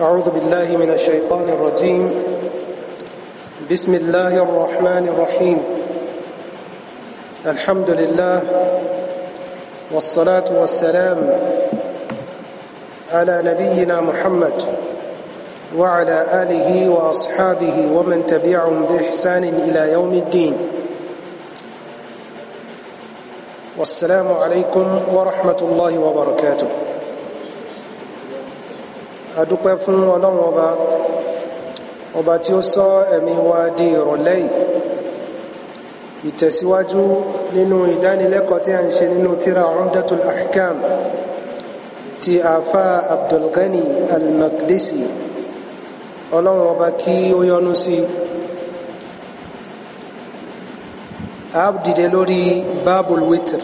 أعوذ بالله من الشيطان الرجيم بسم الله الرحمن الرحيم الحمد لله والصلاة والسلام على نبينا محمد وعلى آله وأصحابه ومن تبعهم بإحسان إلى يوم الدين والسلام عليكم ورحمة الله وبركاته adúpẹ́ fún ọlọ́run ọba ọba tí ó sọ ẹ̀mí wa di ìrọ̀lẹ́ yìí ìtẹ̀síwájú nínú ìdánilẹ́kọ̀ọ́ tí a ń ṣe nínú tírà Umdatul Ahkam ti àfà Abdulghani al-Maqdisi ọlọ́run ọba kí ó yọ́nú sí a dìde lórí babul witr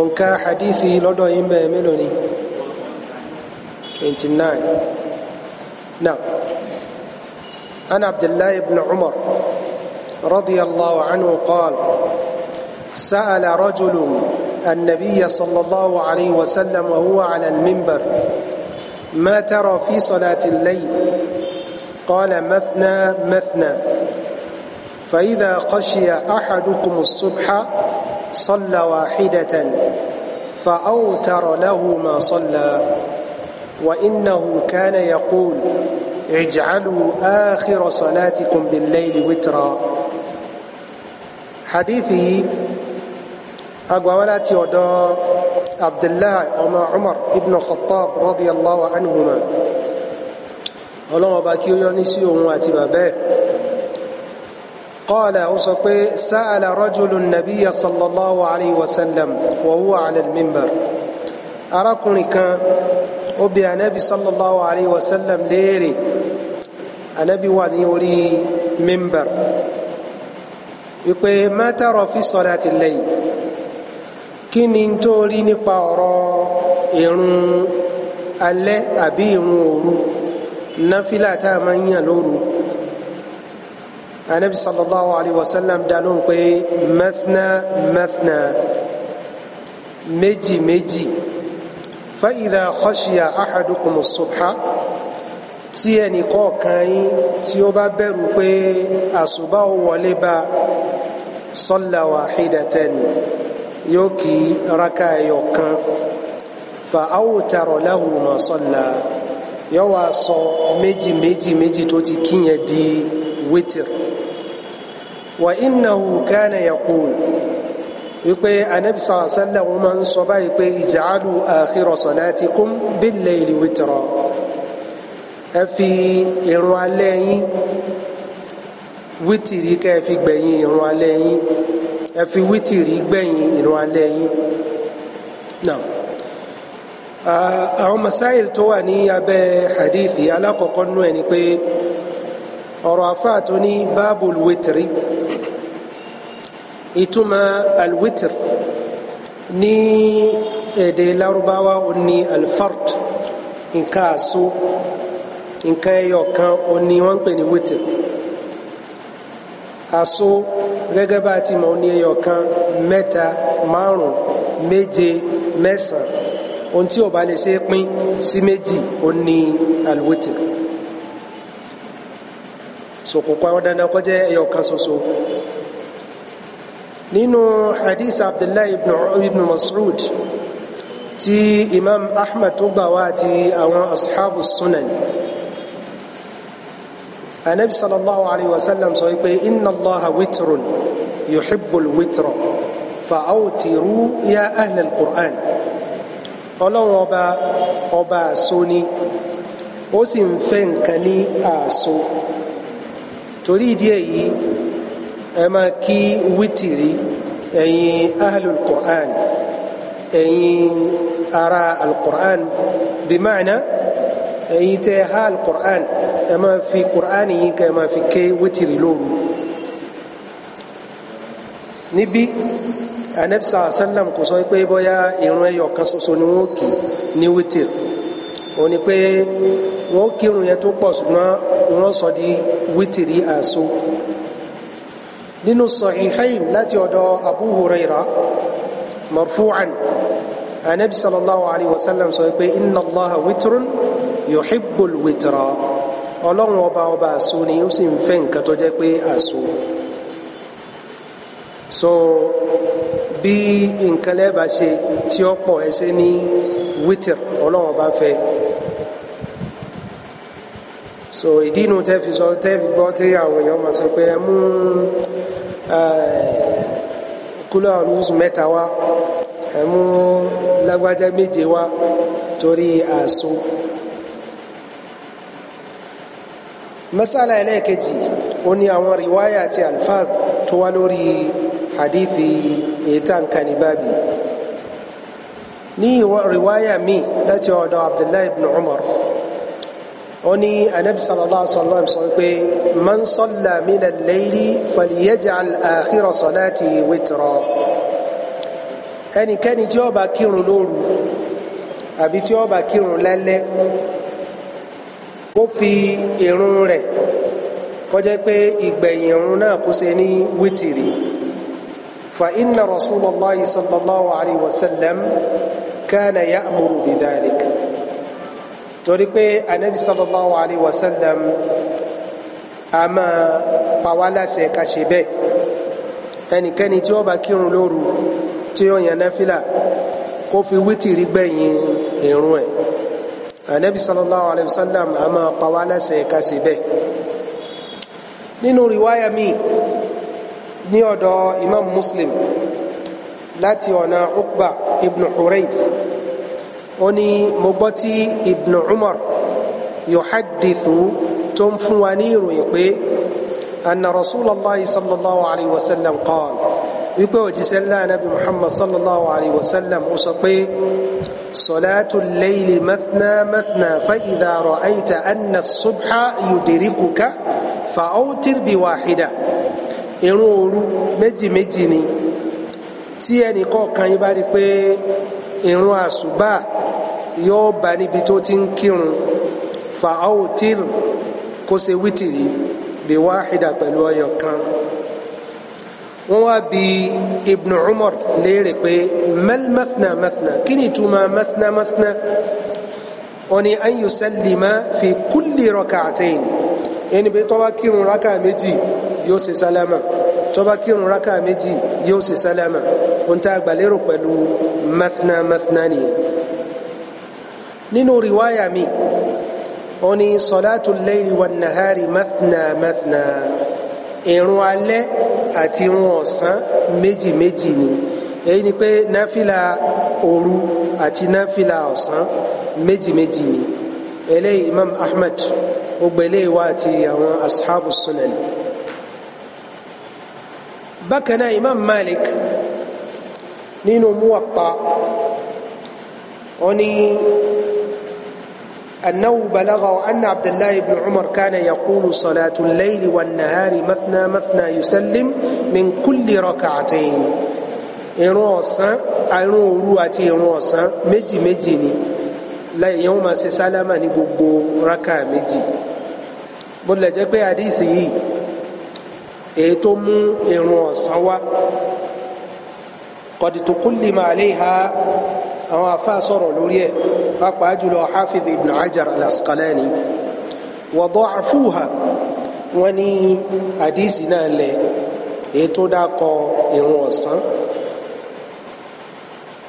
òǹkà hadithi lọ́dọ̀ yín bẹ́ẹ̀ mélòó ni. 29 نعم عن عبد الله بن عمر رضي الله عنه قال سأل رجل النبي صلى الله عليه وسلم وهو على المنبر ما ترى في صلاة الليل قال مثنى مثنى فإذا قشي أحدكم الصبح صلى واحدة فأوتر له ما صلى وإنه كان يقول اجعلوا آخر صلاتكم بالليل وترا حديثه أقوالات يودا عبد الله وما عمر ابن الخطاب رضي الله عنهما ọlọ́wọ́n bá kí ó yọ ní sí òun àti bàbá ẹ̀ قال ó sọ pé سأل رجل النبي صلى الله عليه وسلم وهو على المنبر arákùnrin kan ó bi anabi sallallahu alayhi wa sallam léèrè anabi wà ní orí mímbàr wípé ma tara fi salati al-layl kí ni n tó rí nípa ọ̀rọ̀ ìrun alẹ́ àbí ìrun òru náfìlà tá a máa ń anabi sallallahu alayhi wa sallam dalóhùn pé mathna mathna méjì méjì. فإذا خشي أحدكم الصبح tí ẹnì kọ̀ọ̀kan yín tí ó bá bẹ̀rù pé àsùbá ó wọlé bá salla wahidatan yóò kí raka ẹyọ kan fa awtara lahu ma salla yóò wá sọ méjì méjì méjì tó ti kíyẹn di wítìrì wa innahu kana yaqul wípé anabi sallallahu alaihi wasallam wọn máa ń sọ báyìí pé ij'alu akhira salatikum bil-layli witra ẹ fi irun alẹ́ yín wítìrí kẹ́ ẹ fi gbẹ̀yìn irun alẹ́ yín ẹ fi wítìrí gbẹ̀yìn irun alẹ́ yín náà àwọn masáìl tó wà ní abẹ́ hadithi alákọ̀ọ́kọ́ nú ẹ ni pé ọ̀rọ̀ afáàtò ní báàbùl wítìrí. Ituma alwitr ni èdè Lárúbáwá ó ní alfard nǹkan àṣọ nǹkan ẹyọ kan ó ní wọ́n ń pè ní witr àṣọ gẹ́gẹ́ bá a ti mọ̀ oni ní ẹyọ kan mẹ́ta márùn méje mẹ́sàn ohun tí ó bá lè ṣe pín sí méjì ó alwitr sòkòkò àwọn dandan kọjá ẹyọ kan nínú hadith abdullahi ibn, ibn mas'ud ti imam ahmed tó gbà wá àti àwọn ashabu sunan anabi sallallahu alayhi wa sallam sọ wípé inna allaha witrun yuhibbul witra fa'awtiru ya ahlal qur'an ọlọ́run ọba ọba àso ni ó sì ń fẹ́ nǹkan ní àso torí ẹ máa kí wítìrí ẹ̀yin ahlul Qur'an ẹ̀yin ara al-Qur'an bí ma'ana ẹ̀yin tẹ ha al-Qur'an ẹ máa fi Qur'an yìí kẹ́ ẹ máa fi ké wítìrí lóru níbí anabisa asalam kò sọ pé bóyá irun ẹyọ kan ṣoṣo ni wọn kì ní wítìrí ó ní pé wọn kírun yẹn tó pọ̀ ṣùgbọ́n wọn sọ di wítìrí àṣọ nínú sahihain láti ọ̀dọ̀ abu huraira marfu'an anabi sallallahu alayhi wa sallam sọ pé inna allaha witrun yuhibbul witra ọlọ́run ọba ọba àṣù ni ó sì ń fẹ́ nǹkan tó jẹ́ pé àṣù so bí nǹkan lẹ́ẹ̀bà ṣe tí ó pọ̀ ẹsẹ̀ ní wítìr ọlọ́run ọba fẹ́ so ìdí inú tẹ́ sọ tẹ́ gbọ́ tí àwọn èèyàn máa sọ pé ẹ Eh, kúlọ̀ àlùsù mẹ́ta wá ẹ mú lágbájá méje wá torí àṣọ. masala ẹlẹ́ẹ̀kejì ó ní àwọn riwaya àti alfáà tó wá lórí hadithi ètàn kanibabi ní riwaya mi láti ọ̀dọ̀ abdullahi ibn umar wọ́n ní anabi sallallahu alaihi wa sallam sọ pé man salla mina al-layli falyaj'al akhira salati witra ẹnikẹ́ni tí ó bá kírun lóru àbí tí ó bá kírun lálẹ́ ó fi irun rẹ̀ kó pé ìgbẹ̀yìn irun náà kó ṣe ní wítìrì fa inna rasulallah sallallahu alayhi wa sallam kana ya'muru bidhalik torí pé anabi sallallahu alayhi wa sallam a máa pa wá láṣẹ ká ṣe bẹ́ẹ̀ ẹnikẹ́ni tí ó bá kírun lóru tí ó yan náfìlà kó fi wítìrí gbẹ̀yìn ìrun ẹ̀ anabi sallallahu alayhi wa sallam a máa pa wá láṣẹ ṣe bẹ́ẹ̀ nínú riwaya mi ní ọ̀dọ̀ imam muslim láti ọ̀nà ukba ibn hurayf ó ní mo gbọ́ tí ibn umar yuhadithu tó ń fún wa ní ìròyìn pé anna rasulallah sallallahu alayhi wa sallam qaal wípé òjíṣẹ́ ńlá nabi muhammad sallallahu alayhi wa sallam ó sọ pé salatu layli mathna mathna fa idha ra'ayta anna subha yudirikuka fa irun òru méjì méjì ni tí ẹnì kọ̀ọ̀kan yín bá rí i irun àsùbá yóò bá níbi tó ti ń kírun fa awtir kó ṣe wítìrì bí wáhídà pẹ̀lú ọyọ kan wọ́n wá bi Ibn Umar léèrè pé mal mathna mathna kí ni ìtumọ̀ mathna mathna ó ní an yusallima fi kulli rak'atayn ẹni pé tó kírun rákà méjì yóò ṣe sálámà tó kírun rákà méjì yóò ṣe sálámà ohun tá a pẹ̀lú mathna mathna nìyẹn nínú rìwáyà mi ó ní sọ̀látù layli wan nahari mathna mathna ìrun alẹ́ àti ìrun ọ̀sán méjì méjì ni èyí ni pé náfìlà òru àti náfìlà ọ̀sán méjì méjì ni eléyìí Imam Ahmad ó gbélé wa àti àwọn ashabu sunan bákan náà Imam Malik nínú Muwatta ó ní. أنه بلغه أن عبد الله بن عمر كان يقول صلاة الليل والنهار مثنى مثنى يسلم من كل ركعتين ìrun ọ̀sán àìrun òru àti ìrun ọ̀sán méjì méjì ni lẹ́yìn wọn máa ṣe sálámà ní gbogbo rákà méjì bó lè jẹ́ pé àdìsí yìí èyí tó mú ìrun ọ̀sán wá qad tukullima alayha àwọn àfáà sọ̀rọ̀ lórí ẹ̀ pàápàá jùlọ hafiz ibn hajar al-asqalani wa da'afuha wọ́n ní àdìsí náà lẹ̀ èyí tó dákọ ìrun ọ̀sán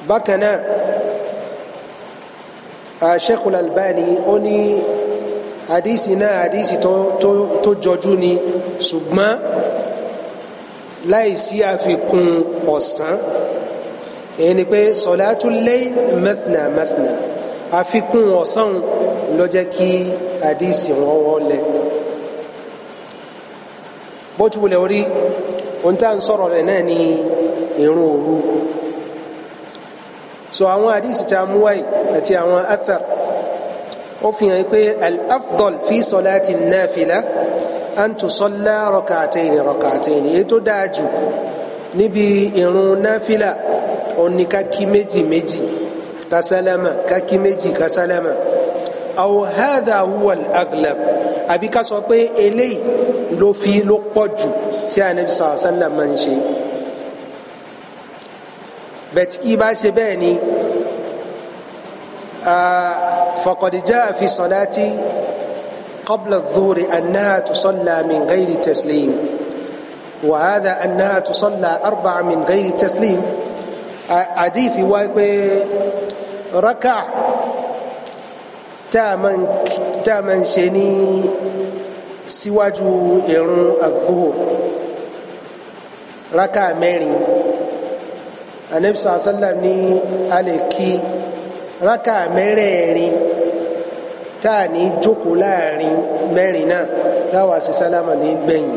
bákan náà Sheikh al-Albani ó ní àdìsí náà àdìsí tó jọjú ni ṣùgbọ́n láìsí àfikún ọ̀sán èyí ni pé salatul layl mathna mathna àfikún ọ̀sán ló jẹ́ kí àdísì wọn wọlé bó ti wulẹ̀ orí ohun tá à ń sọ̀rọ̀ rẹ̀ náà ni ìrun òru so àwọn àdísì tá a mú wáyé àti àwọn athar ó fi hàn pé al-afdol fi salati nafila an tusalla rak'atayn rak'atayn èyí tó dáa jù níbi ìrun nafila ó ní ká kí méjì méjì kásálámà kákí méjì kásálámà aw hadha huwa al-aglab àbí ká sọ pé eléyìí ló fi ló pọ̀ jù tí anabi sallallahu alaihi wasallam máa ń ṣe bẹ́ẹ̀ tí ibà ṣe bẹ́ẹ̀ ni faqad jaa fi salati qabla adh-dhuhri annaha tusalla min ghairi taslim wa hadha annaha tusalla arba'a min ghairi taslim àdìfi wáyé pé rákà tá a máa ń ṣe ní síwájú ìrun àgbóhò rákà mẹ́rin anabisa asalam ní alẹ́kí rákà mẹ́rẹ̀ẹ̀rin tá a ní jókòó láàrin mẹ́rin náà táwa sí sálámà ní gbẹ̀yìn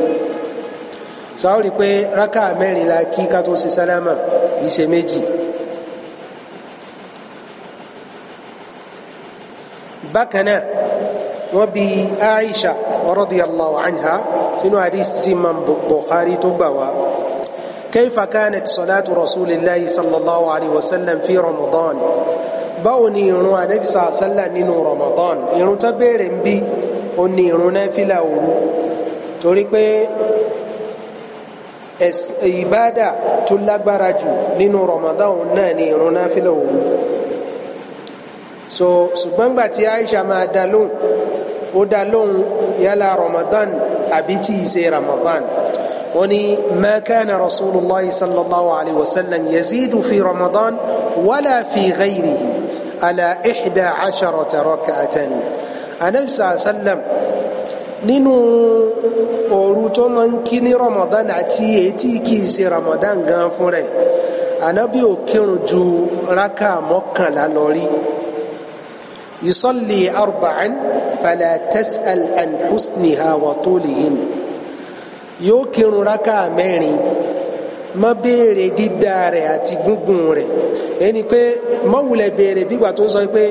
sáwọn rí i pé rákà mẹ́rin la kí ká tó sí sálámà kì í ṣe méjì. bákan náà wọ́n bi Aisha radiyallahu anha nínú hadith tí imam Bukhari tó gbà wá kayfa kanat salatu rasulillahi sallallahu alayhi wa sallam fi ramadan báwo ni irun anabi sàásálà nínú ramadan irun tó béèrè ń bí ó ní irun náfìlà òru torí pé ìbádà tó lágbára jù nínú ramadan náà ni irun náfìlà òru so ṣùgbọ́n gbà tí Aisha máa dá lóhùn ó dá lóhùn yálà Ramadan àbí tí ì ṣe Ramadan ó ní ma kana Rasulullah sallallahu alayhi wa sallam yazidu fi Ramadan wala fi ghayrihi ala ihda asharata rak'atan anabi sallam nínú òru tó máa ń kí ní Ramadan àti etí kì í ṣe Ramadan gan fún rẹ̀ anabi ò kírun ju raka mọ́kànlá lọ rí. يصلي أربعا فلا تسأل عن حسنها وطولهن yóò kírun rákà mẹ́rin má béèrè dídá rẹ̀ àti gúngùn rẹ̀ ẹni pé mọ́wulẹ̀ béèrè bígbà tó ń sọ pé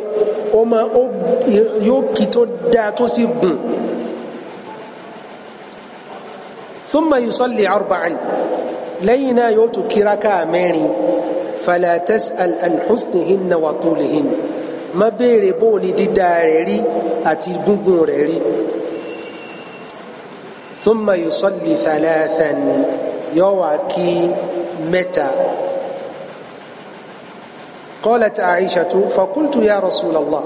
ó máa ó yóò kí tó dáa tó sì gùn thumma yusalli arba'an lẹ́yìn náà yóò tún kí rákà mẹ́rin fala tas'al an husnihinna wa tulihinna má béèrè bó ni dídá rẹ̀ rí àti gúngún rẹ̀ rí thumma yusalli thalathan yóò wá قالت عائشة فقلت يا رسول الله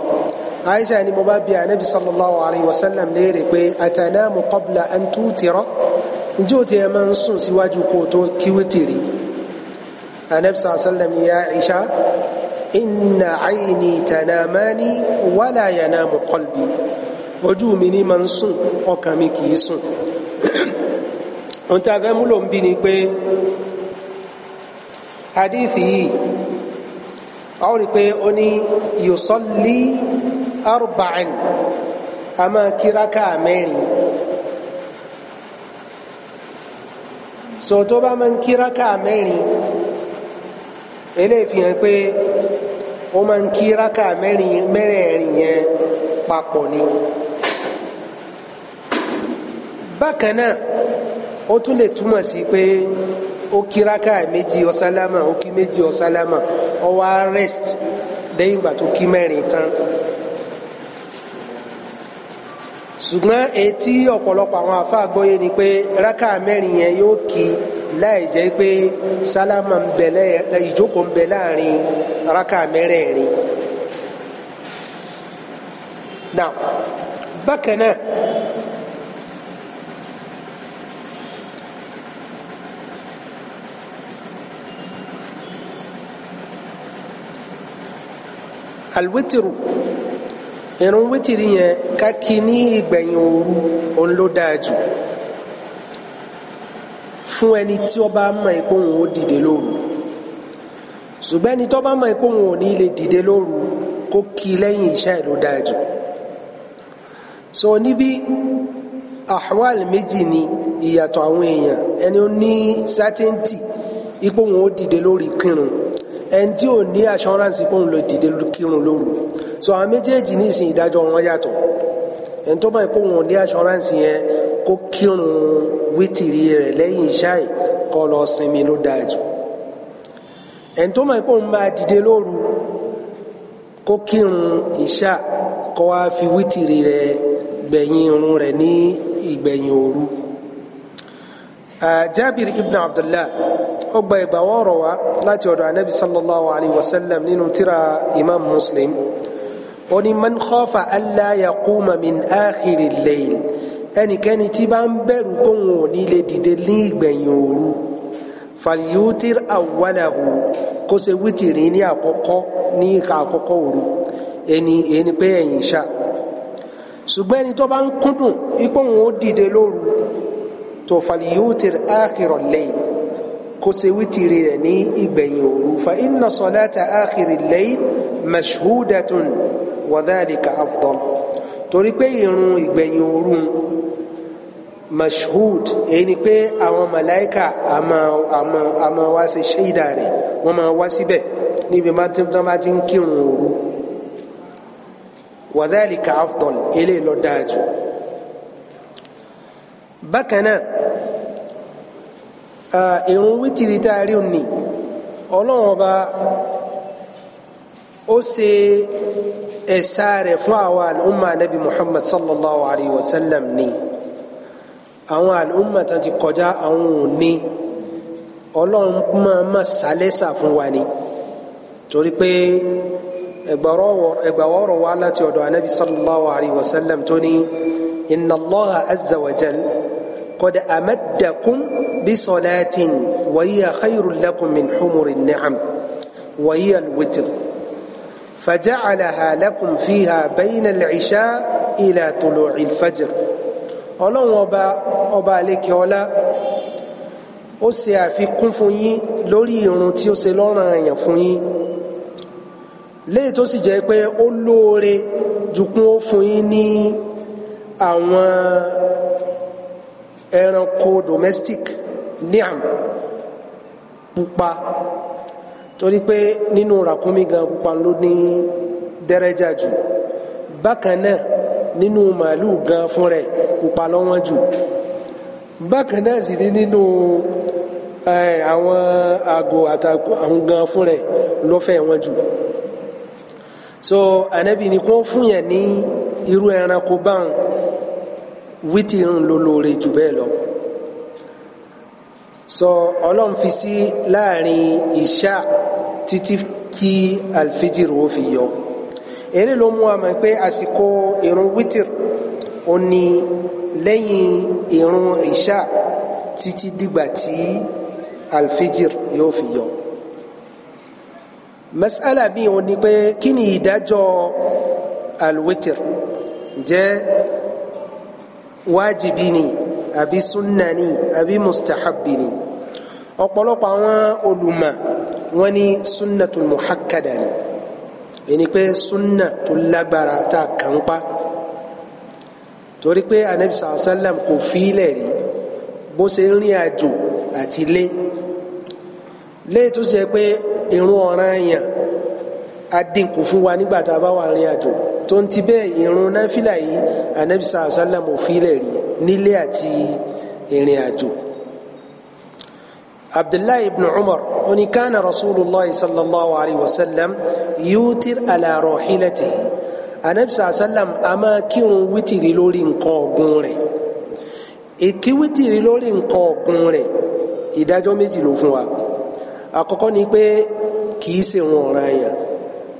عائشة أن مبابي النبي صلى الله عليه وسلم ليري أتنام قبل أن توتر جوت يا منصوص واجو كوتو كيوتري النبي صلى الله عليه وسلم يا عائشة inna عيني tanamani ولا ينام قلبي ojú mi ní máa ń sùn ọkàn mi kì í sùn ohun tí a fẹ́ múlò ń bí ni pé hadithi yìí a ó rí pé ó ní yusalli arba'an a máa kíráká mẹ́rin so tó bá máa ń kíráká mẹ́rin eléyìí fi hàn pé ó máa ń kí rákà mẹ́rẹ̀ẹ̀rin yẹn papọ̀ ni bákan náà ó tún lè túmọ̀ sí pé ó kí rákà méjì ó ó kí méjì ó wá rest lẹ́yìn ìgbà tó kí mẹ́rin tán ṣùgbọ́n etí ọ̀pọ̀lọpọ̀ àwọn àfa àgbọ́yé ni pé rákà mẹ́rin yẹn yóò kí láì jẹ́ pé sálámà ń bẹ ìjókòó ń bẹ láàrin rákà mẹ́rẹ̀ẹ̀rin now bákan náà alwitiru irun witiri yẹn ká kí ní ìgbẹ̀yìn òru fún ẹni tí ó bá mọ̀ pé òun ó dìde lóru ṣùgbọ́n ẹni tó bá mọ̀ pé òun ò ní lè dìde lóru kó kí lẹ́yìn ìṣá ìlú dáa jù so níbi ahwal méjì ni ìyàtọ̀ àwọn èèyàn ẹni ó ní sátẹ́ǹtì ipò òun ó dìde lórí kírun ẹni tí ò ní assurance ipò òun lè dìde kírun lóru so àwọn méjèèjì ní ìsìn ìdájọ́ wọn yàtọ̀ ẹni tó mọ̀ ipò òun ò ní assurance yẹn kó kírun wítìrí rẹ̀ lẹ́yìn ìṣáì kó lọ sinmi ló dáa jù ẹni tó mọ̀ pé òun máa dìde lóru kó kírun ìṣá kó wá fi wítìrí rẹ̀ gbẹ̀yìn irun rẹ̀ ní ìgbẹ̀yìn òru. Jabir ibn Abdullah ó gba ìgbà wọ́ọ̀rọ̀ wá láti ọ̀dọ̀ anabi sallallahu alayhi wa sallam nínú tírà imam muslim ó man khafa alla yaquma min akhiri al ẹnikẹ́ni tí bá ń bẹ̀rù kóhun ò ní lè dìde ní ìgbẹ̀yìn òru fàlìyútìr àwàlàhù kó ṣe wítìrì ní àkọ́kọ́ ní ìka àkọ́kọ́ òru ẹni ẹni pé ẹ̀yìn ṣá ṣùgbọ́n ẹni tó bá ń kúndùn ipòhun ó dìde lóru tó fàlìyútìr àkìrọ̀ lẹ́yìn kó ṣe wítìrì rẹ̀ ní ìgbẹ̀yìn òru fa inna salata àkìrì lẹ́yìn mashhudatun wa dhalika afdal torí pé ìrun ìgbẹ̀yìn òru mashhud èyí ni pé àwọn màláìka a máa wá sí ṣẹ́yìdà rẹ̀ wọ́n máa wá síbẹ̀ níbi tán bá ti ń kírun òru wàdálìkà afdol eléyìí ló dáa bákan náà ìrun wítìrì tá a rí òní ọlọ́run ọba ó ṣe ẹ̀sà rẹ̀ fún àwọn àlùmọ̀ anabi muhammad sallallahu alayhi wa sallam ni àwọn àlùmọ̀ tán ti kọjá àwọn òní ọlọ́run máa ma sálẹ́sà fún wa ni torí pé ẹgbàwọ́rọ̀ wa láti ọ̀dọ̀ anabi sallallahu alayhi wa sallam tó ní inna allaha azza wa jal qad amaddakum bi salatin min humuri ni'am wa hiya فجعلها لكم فيها بين العشاء إلى طلوع الفجر ọlọ́run ọba ọba àlekè ọlá ó ṣe àfikún fún yín lórí irun tí ó ṣe lọ́ràn àyàn fún yín léyìí tó sì jẹ́ pé ó lóore jukun ó fún yín ní àwọn ẹranko domestic ní àmì pupa torí pé nínú ràkúnmí gan pupa ló ní dẹ́rẹ́jà jù bákan náà nínú màálù gan fún rẹ̀ pupa lọ́wọ́n jù bákan náà sì ní nínú àwọn àgò àtàkùn gan fún rẹ̀ lọ́fẹ̀ẹ́ wọn jù so anabi ni kò fún yẹn ní irú ẹranko báwọn wítìrín ló jù bẹ́ẹ̀ lọ so ọlọ́run fi sí láàrin ìṣá títí kí alfijir wo fi yọ èyí ló mú wa mọ̀ pé àsìkò ìrun wítìr ó ní lẹ́yìn ìrun ìṣá títí dìgbà tí alfijir yóò fi yọ masala mi ò ní pé kí ni ìdájọ́ alwitr jẹ́ wájibí ni àbí sunna ni àbí mustahabbi ni ọ̀pọ̀lọpọ̀ àwọn olùmọ̀ wọn ní sunna tó muhakkada ni ẹni pé sunna tó lágbára tá a kàn pa torí pé anabi sàlám kò fi ilẹ̀ rí bó ṣe ń rìn àjò àti ilé léyìí tó ṣe pé irun ọ̀ràn yàn adínkù fún wa nígbà tá a bá wà rìn àjò tó ń ti bẹ́ẹ̀ irun náfìlà yìí anabi sàlám ò fi rí nílé àti ìrìn àjò. عبد الله بن عمر أن كان رسول الله صلى الله عليه وسلم يوتر على راحلته النبي صلى الله عليه وسلم أما كيرون وتر لولي نقاقون ìkí wítìrì lórí nǹkan ọ̀gbun rẹ̀ ìdájọ́ méjì ló fún wa àkọ́kọ́ ni pé kì í ṣe ìrun ọ̀ranyàn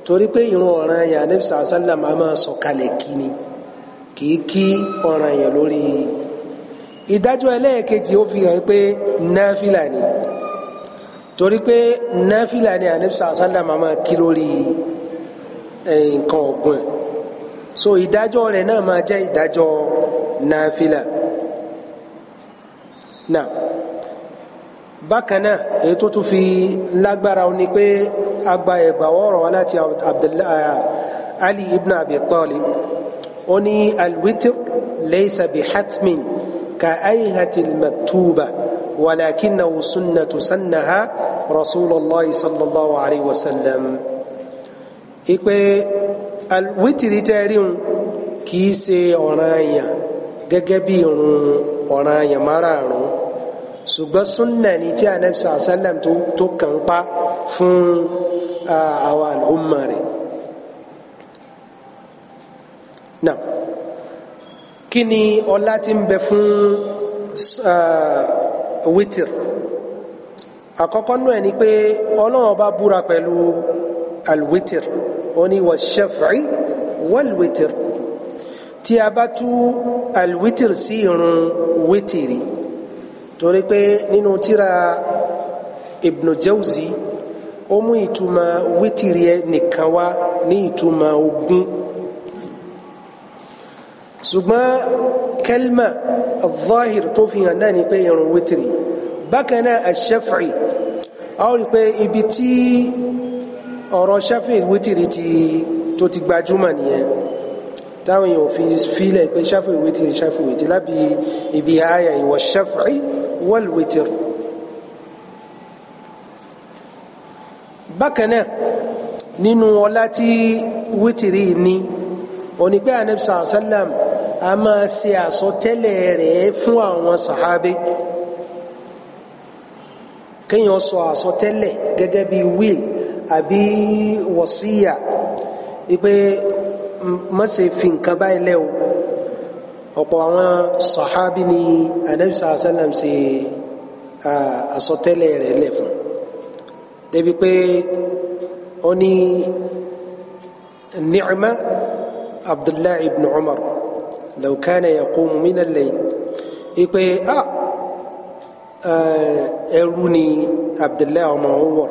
torí pé ìrun ọ̀ranyàn Ànábì sallallahu alaihi wasallam máa sọ̀kalẹ̀ kí ni kì í kí ọ̀ranyàn lórí ìdájọ́ ẹlẹ́ẹ̀kejì ó fi hàn pé náfìlà ni torí pé náfìlà ni àníbísà sálàmà máa kí lórí nǹkan ọ̀gbìn so ìdájọ́ rẹ̀ náà máa jẹ́ ìdájọ́ náfìlà náà bákan náà èyí tó tún fi lágbára ni pé agba ẹ̀gbà ọ̀rọ̀ wa láti Abdullahi Ali ibn Abi Talib ó ní alwitr laysa hatmin. كأيهة المكتوبة ولكنه سنة سنها رسول الله صلى الله عليه وسلم إكوي الوتر تاريون كيسي أرانيا gẹ́gẹ́bí irun ọ̀ràn yẹn márààrún ṣùgbọ́n súnà ni tí anabi sàlẹ̀ tó kàn pa fún àwọn àlùmọ̀ rẹ̀ kí ni ọlá tí ń bẹ fún uh, wítìr àkọ́kọ́ náà ni pé ọlọ́run ọba búra pẹ̀lú alwítìr ó ní wà ṣẹ́fì wàlwítìr tí a bá tú alwítìr sí irun wítìrì torí pé nínú tíra Ibn ó mú ìtumọ̀ wítìrì nìkan wá ní ìtumọ̀ ogún ṣùgbọ́n kẹlma al-zahir tó fi hàn náà ni pé irun wítìrì bákan náà al-shafi'i a ó rí pé ibi tí ọ̀rọ̀ shafi'i wítìrì ti tó ti gbajúmọ̀ nìyẹn táwọn èèyàn fi filẹ̀ pé shafi'i wítìrì shafi'i wítìrì lábí ibi àyà ìwọ̀ shafi'i wal wítìrì bákan náà nínú ọlá tí wítìrì ní onígbé anabi sallam a máa ṣe àsọtẹ́lẹ̀ rẹ̀ fún àwọn sàhábé kéèyàn sọ àsọtẹ́lẹ̀ gẹ́gẹ́ bí will àbí wọ̀síyà wípé má ṣe fi nǹkan báyìí lẹ́ o ọ̀pọ̀ àwọn sàhábí ni anabi sàlám ṣe àsọtẹ́lẹ̀ rẹ̀ lẹ̀ fún débi pé ó ní ni'ma abdullahi ibn umar law kana yaqumu min al-layl ipe a ah, eh, ẹrú ni abdullahi ọmọ Umar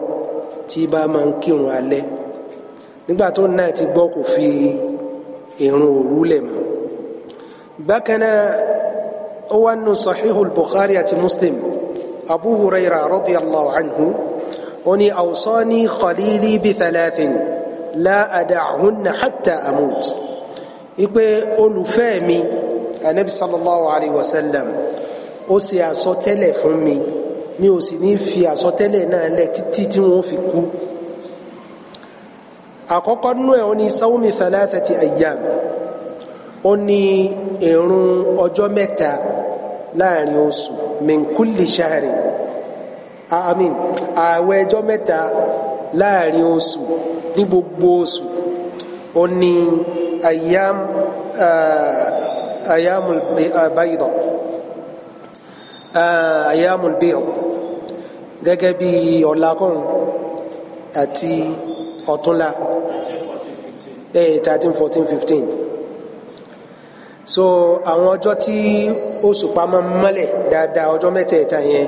tí bá máa ń kírun alẹ́ nígbà tó náà ti gbọ́ kò fi irun òru lẹ̀ mọ́ bákan náà ó wà nù sahihul Bukhari àti Muslim Abu Hurayra radiyallahu anhu ó ní awsani khalili bi thalathin la ada'hunna hatta amut wípé olùfẹ́ mi anabi sallallahu alayhi wa sallam ó ṣe àsọtẹ́lẹ̀ fún mi mi ò sì ní fi àsọtẹ́lẹ̀ náà lẹ̀ títí tí wọ́n fi kú àkọ́kọ́ nínú ẹ̀ ó ní sawmi thalathati ayyam ó ní ìrun ọjọ́ mẹ́ta láàrin oṣù min kulli shahri àmín ààwẹ̀ mẹ́ta láàrin oṣù ní gbogbo oṣù ó ní. أيام أيام البيض أيام البيض gẹ́gẹ́ bí ọ̀làkùn àti ọ̀túnla eh, thirteen fourteen fifteen so àwọn ọjọ́ tí oṣù pamọ́ mọ́lẹ̀ dáadáa ọjọ́ mẹ́tẹ̀ẹ̀ta yẹn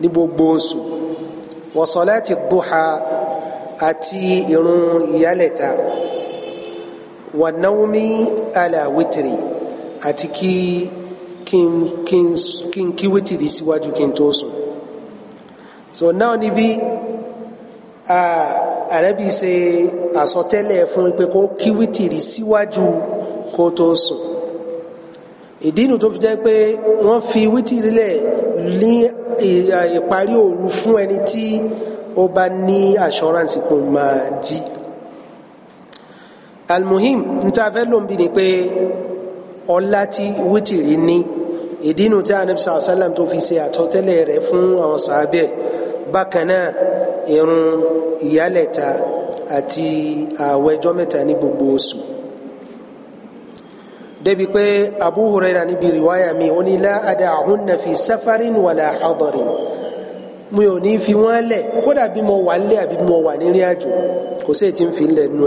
ní gbogbo oṣù wa salati duha àti ìrun ìyálẹ̀ta wà náwómi àlà wítìrì àti kí kí n kí wítìrì síwájú kí n tó sùn so náà níbí àrẹ́bí ṣe àsọtẹ́lẹ̀ fún pé kó kí wítìrì síwájú kó tó sùn ìdí inú tó fi jẹ́ pé wọ́n fi wítìrì lẹ̀ ní ìparí òru fún ẹni tí ó bá ní assurance pò máa jí almuhim níta fẹ́ ló ń bi ni pé ọlá tí wítìrì ní ìdínú tí anabi sàlá sàlám tó fi ṣe àtọ́tẹ́lẹ̀ rẹ̀ fún àwọn sàábẹ̀ bákan náà irun ìyálẹ̀ta àti ààwẹ̀ ọjọ́ mẹ́ta ní gbogbo oṣù débi pé abu huraira níbi riwaya mi ó ní la ada'hunna fi safarin wala hadarin mi ò ní fi wọ́n lẹ̀ kódà bí mo wà ń àbí mo wà ní àjò kò sí èyí ń fi ń lẹ̀ nú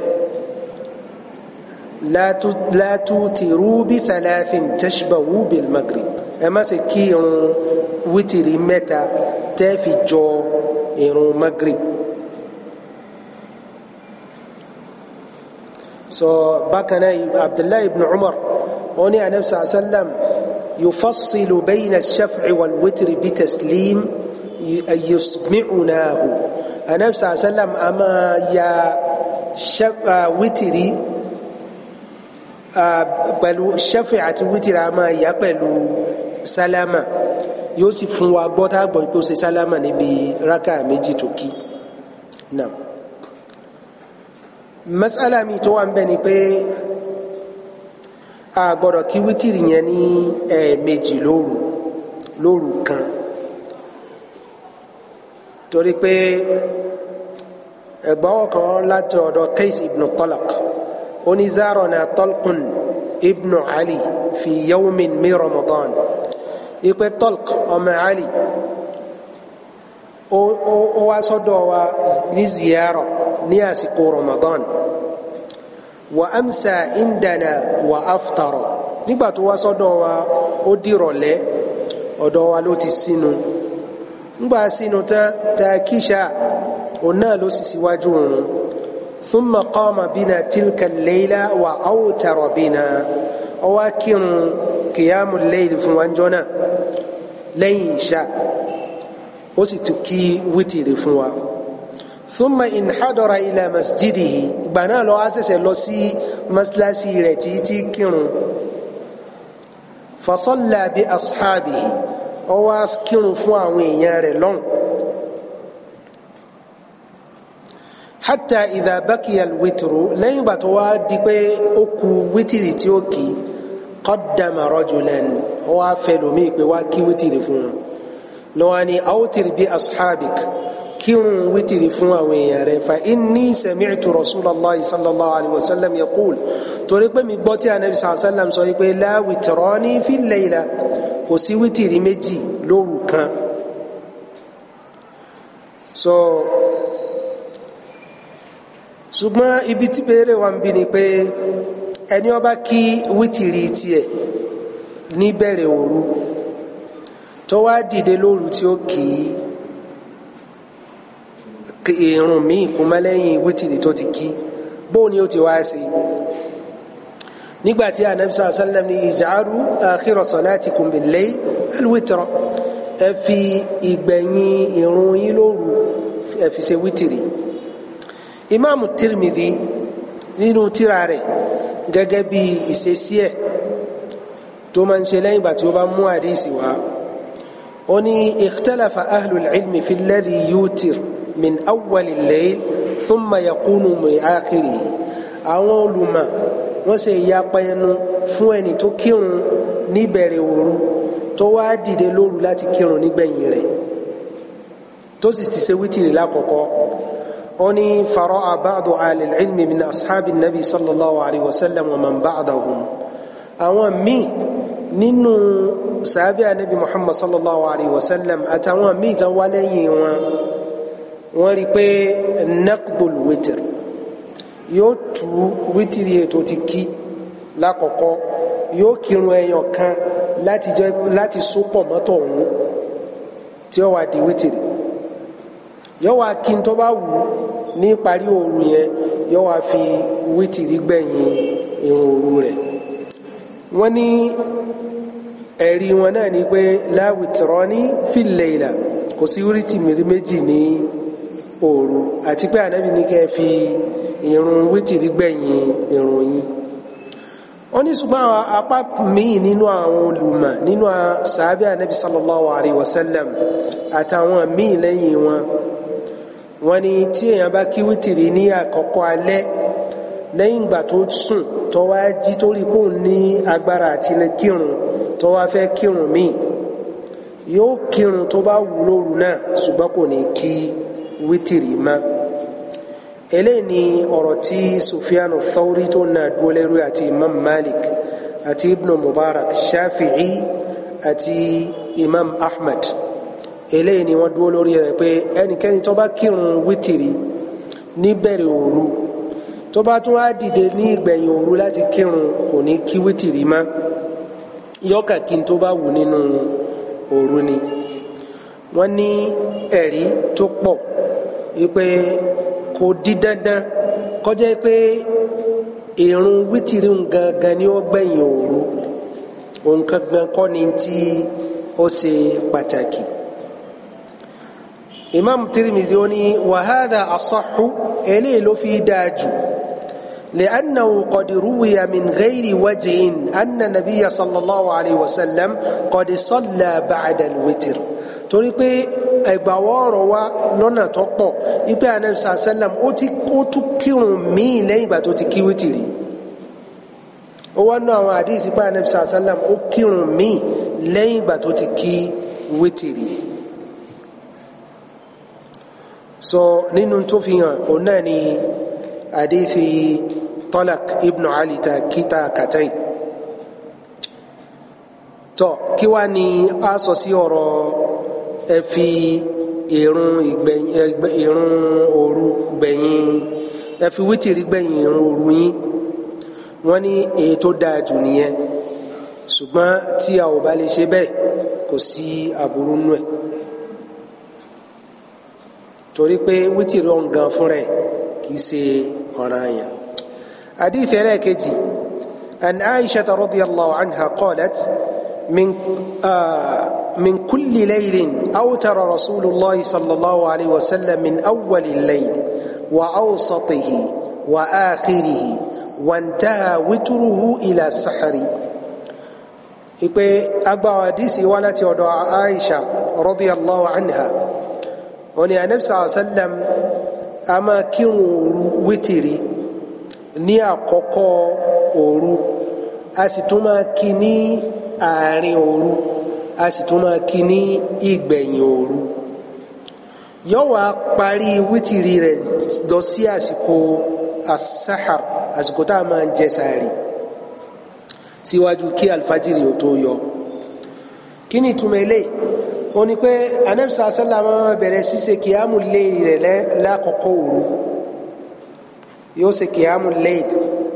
látútìrú bí thalathin tashbahu bil maghrib ẹ má ṣe kí irun wítìrì mẹ́ta tẹ́ fi jọ irun maghrib. so bákan náà abdullahi ibn umar ó ní anabi sallam yufassilu bayna ash-shaf'i wal witri bi taslim yusmi'unahu anabi sallam a máa ya wítìrì pẹ̀lú ṣẹ́fì àti wítìrà máa yá pẹ̀lú sálámà yóò sì fún wa gbọ́ tá a gbọ́ pé ó ṣe sálámà níbi rákà méjì tó kí náà masala mi tó wà ń bẹ ni pé a gbọ́dọ̀ kí wítìrì yẹn ní ẹ̀ẹ̀mejì lóru lóru kan torí pé ẹ̀gbọ́n kan láti ọ̀dọ̀ Qais ibn onizarona tolkun ibnu ali fi yawmin mi ramadan ipe tolk ọmọ ali ó wá sọ́dọ̀ wa ní ziyarọ ní àsìkò ramadan wa amsa indana wa aftara nígbà tó wá sọ́dọ̀ wa ó dìrọ̀lẹ́ ọ̀dọ̀ wa ló ti sínú ńgbà sínú tán tá kíṣà òun náà ló sì síwájú òun. ثم قام بنا تلك الليلة وأوتر بنا أواكر قيام الليل فوانجونا لن شاء وستكي وتر فوان ثم حضر إلى مسجده بنا لو أسس لسي مسلسي رتيتي كرن فصلى بأصحابه أواس كرن فوان لون hata ìdá bákìyà wítìrù lẹ́yìn ìgbà tó wá di pé ó ku wítìrì tí ó kì í qaddama rajulan ó wá fẹ́ lómi pé wá kí wítìrì fún un lọ́wọ́ ni awtiri bí ashabik kírun wítìrì fún àwọn èèyàn rẹ̀ fa inni sami'tu rasulallah sallallahu alayhi wa sallam yaqul torí pé mi gbọ́ tí anabi sallallahu alayhi wa sallam pé la witrani fi layla kò sí wítìrì méjì lóru kan so ṣùgbọ́n ibi tí béèrè wa ń bí ni pé ẹni ó bá kí wítìrì tiẹ̀ níbẹ̀rẹ̀ òru tó wá dìde lóru tí ó kì í ìrun míì kún mọ́ lẹ́yìn wítìrì tó ti kí bóun ni ó ti wá sí i anabi sallallahu alayhi wa sallam ní ìjàrú àkírọ̀ salatikum bil-layl al-witra ẹ fi ìgbẹ̀yìn ìrun yín lóru ẹ fi ṣe wítìrì imaamu tirimidi nínú tírà rẹ̀ gẹ́gẹ́ bí ìṣesí ẹ̀ tó máa ń ṣe lẹ́yìn ìgbà tí ó bá mú àdìsí wá ó ní ikhtalafa ahlul ilmi fi alladhi yutir min awwali al-layl thumma yakunu min akhirihi àwọn olùmọ̀ wọ́n ṣe ìyapa ẹnu fún ẹni tó kírun níbẹ̀rẹ̀ òru tó wá dìde lóru láti kírun nígbẹ̀yìn rẹ̀ tó ti ṣe wítìrì lákọ̀ọ́kọ́ أني فرأى بعض أهل العلم من أصحاب النبي صلى الله عليه وسلم ومن بعدهم àwọn míì nínú sàábì anabi muhammad sallallahu alayhi wa sallam àtàwọn míì tán wá lẹ́yìn wọn wọ́n rí i pé nakdul witr yóò tú wítìrì ètò ti kí lákọ̀ọ́kọ́ yóò kírun ẹyọ kan láti sopọ̀ mọ́tò ọ̀hún tí ó wà di wítìrì yóò wá kí n tó bá wù ú ní parí òru yẹn yóò wá fi wítìrí gbẹ̀yìn irun òru rẹ̀ wọ́n ní ẹ̀rí wọn náà ni pé láwìtìrọ́ ní fìlẹ̀ìlà kò sí wíìtì mìíràn méjì ní òru àti pé ànábì ní kẹ́ ẹ fi irun wítìrí gbẹ̀yìn irun yìí wọ́n ní ṣùgbọ́n àwọn apá míì nínú àwọn olùmọ̀ nínú sàábẹ́ ànábì sallallahu alayhi wa sallam àtàwọn míì lẹ́yìn wọn. wọ́n ní tí èèyàn bá kí wítìrì ní àkọ́kọ́ alẹ́ lẹ́yìn ìgbà tó sùn tó wá jí tó rí pòun ní agbára àti kírun tó wá fẹ́ kírun míì yóò kírun tó bá wù lóru náà ṣùgbọ́n kò ní kí wítìrì mọ́ eléyìí ni ọ̀rọ̀ tí Sufyanu Thawri tó na dúólẹ́rú àti Imam Malik àti Ibn Mubarak Shafi'i àti Imam Ahmad. eléyìí ni wọ́n dúró lórí rẹ̀ pé ẹnikẹ́ni tó bá kírun wítìrì níbẹ̀rẹ̀ òru tó bá tún á dìde ní ìgbẹ̀yìn òru láti kírun kò ní kí wítìrì mọ́ yọ́kà kí n tó bá wù nínú òru ni wọ́n ní ẹ̀rí tó pọ̀ wípé kò di dandan kọjá pé ìrun wítìrì gangan ni ó gbẹ̀yìn òru òun gangan tí ó ṣe pàtàkì imam tirimidi ó ní wàhádà asahhu eléyìí ló fi dáa jù لأنه قد روي من غير وجه أن النبي صلى الله عليه وسلم قد صلى بعد الوتر torí pé ẹgbàwọ ọ̀rọ̀ wa lọ́nà tó pọ̀ ipe anamsa salam ó ti ó tún kírun míì lẹ́yìn ìgbà tó ti kí wítìrì ó wá ná àwọn àdéhìí ipe anamsa salam ó kírun míì lẹ́yìn ìgbà tó ti kí wítìrì so nínú tó fi hàn òun náà ni àdéfi Talak ibn Ali ta kíta kàtẹ́yì tọ kí wàá ní a sọ sí ọ̀rọ̀ ẹ fi ìrun ìgbẹ̀yìn ìrun òru gbẹ̀yìn ẹ fi wítìrí gbẹ̀yìn ìrun wọn ní èyí tó dáa nìyẹn ṣùgbọ́n tí a ò bá lè ṣe bẹ́ẹ̀ kò sí aburú nù ẹ̀ torí pé wítìrì ọ̀hún gan fún rẹ̀ kì í ṣe ọ̀ranyàn. hadith ẹlẹ́ẹ̀kejì an aisha radiyallahu anha qalat min ah, min kulli laylin awtara rasulullahi sallallahu alayhi wa sallam min awwali layl wa awsatihi wa akhirihi wa intaha witruhu ila sahari ipe agbára hadith wa láti ọ̀dọ̀ aisha radiyallahu anha wọn ni anabisa asalam a máa kírun òru wítìrì ní àkọ́kọ́ òru a sì tún máa kí ní àárín òru a sì tún máa kí ní ìgbẹ̀yìn òru yóò wá parí wítìrì rẹ̀ lọ sí àsìkò asahar àsìkò tá a máa jẹ sààrì síwájú kí alfajiri ò tó yọ kí ni ìtumọ̀ eléyìí ó ní pé anamsa sálámà bẹ̀rẹ̀ ṣíṣe kìámù léyìí rẹ̀ lákòókò òru yóò ṣe kìámù léyìí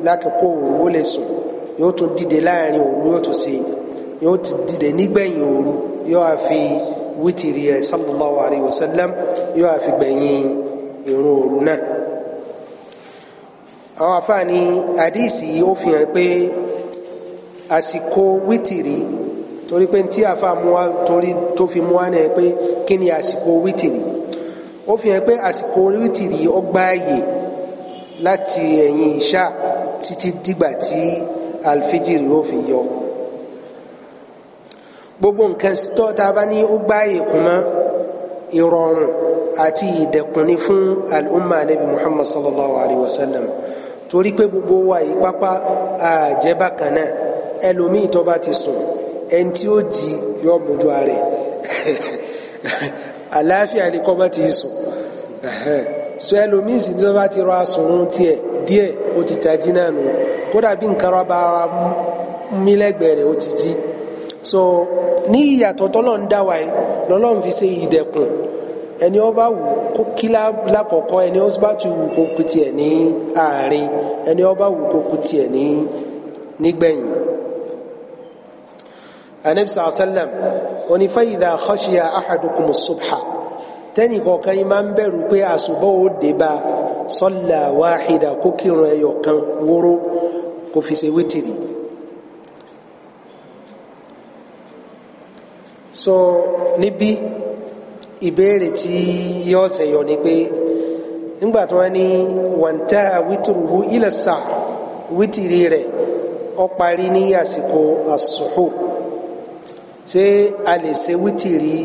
lákòókò òru ó lè sùn yóò tún dìde láàrin òru yóò tún ṣe yóò tún dìde nígbẹ̀yìn òru yóò á fi wítìrì rẹ̀ sallallahu alayhi wa sallam yóò á fi gbẹ̀yìn ìrun òru náà àwọn afáàní àdìsí yìí ó fi hàn pé àsìkò wítìrì torí pé tí àfa mú wa torí tó fi mú wa náà pé kí ni àsìkò wítìrì ó fi hàn pé àsìkò wítìrì ó gbáàyè láti ẹ̀yìn ìṣá títí dìgbà tí alfijiri ó fi yọ gbogbo nǹkan tó ta bá ní ó gbáàyè kùmọ́ ìrọ̀rùn àti ìdẹ̀kùnrin fún al'umma nabi muhammad sallallahu alaihi wasallam torí pé gbogbo wa yìí pápá àjẹbákan náà ẹlòmíì tó bá ti sùn ẹni tí ó jí yọ bójú ààrẹ àlàáfíà ni kọ́mọ́ ti sùn so ẹlòmíì sì ní wọ́n bá ti rọ asùnrún tiẹ̀ díẹ̀ ó ti tají náà nù kódà bí nǹkan rọ bá ara mí lẹ́gbẹ̀ẹ́ rẹ̀ ó ti jí so ní ìyàtọ̀ tọ́lọ̀ ń dá wa yìí lọ́lọ́run fi ṣe ìdẹ̀kùn ẹni ó bá wù kó kí lákọ̀ọ́kọ́ ẹni ó ti wù kó kú tiẹ̀ ní àárín ẹni ó anabi sàlá sàlám oní fàyídà khashiya ahadukum subha tẹ́nì kọ̀ọ̀kan yìí máa ń bẹ̀rù pé àṣùbọ̀ ó dé bá sọ́là wáhìdà kó kírun kan wóró kó fi ṣe wítìrì. so níbí ìbéèrè tí yóò ṣẹyọ ni pé nígbà tí wọn ní wàǹtá wítìrì ilẹ̀ sà wítìrì rẹ̀ ó parí ní àsìkò ṣé a lè ṣe wítìrì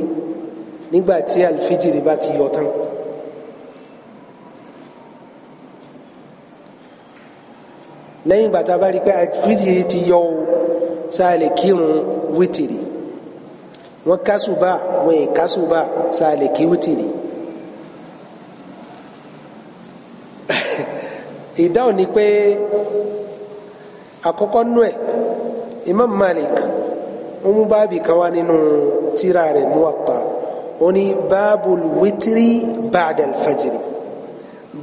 nígbà tí àlùfíjìrì bá ti yọ tán. lẹ́yìn ìgbà tá a bá rí i pé àlùfíjìrì ti yọ o ṣá a lè kírun wítìrì wọn kásùbà wọn è kásùbà ṣá a lè kí wítìrì. ìdáhùn ni pé àkọ́kọ́ nú ẹ̀ Imam Malik ń mú báàbì kan wá nínú tírà rẹ̀ Muwatta ó ní báàbù wítírì báàdà alfajiri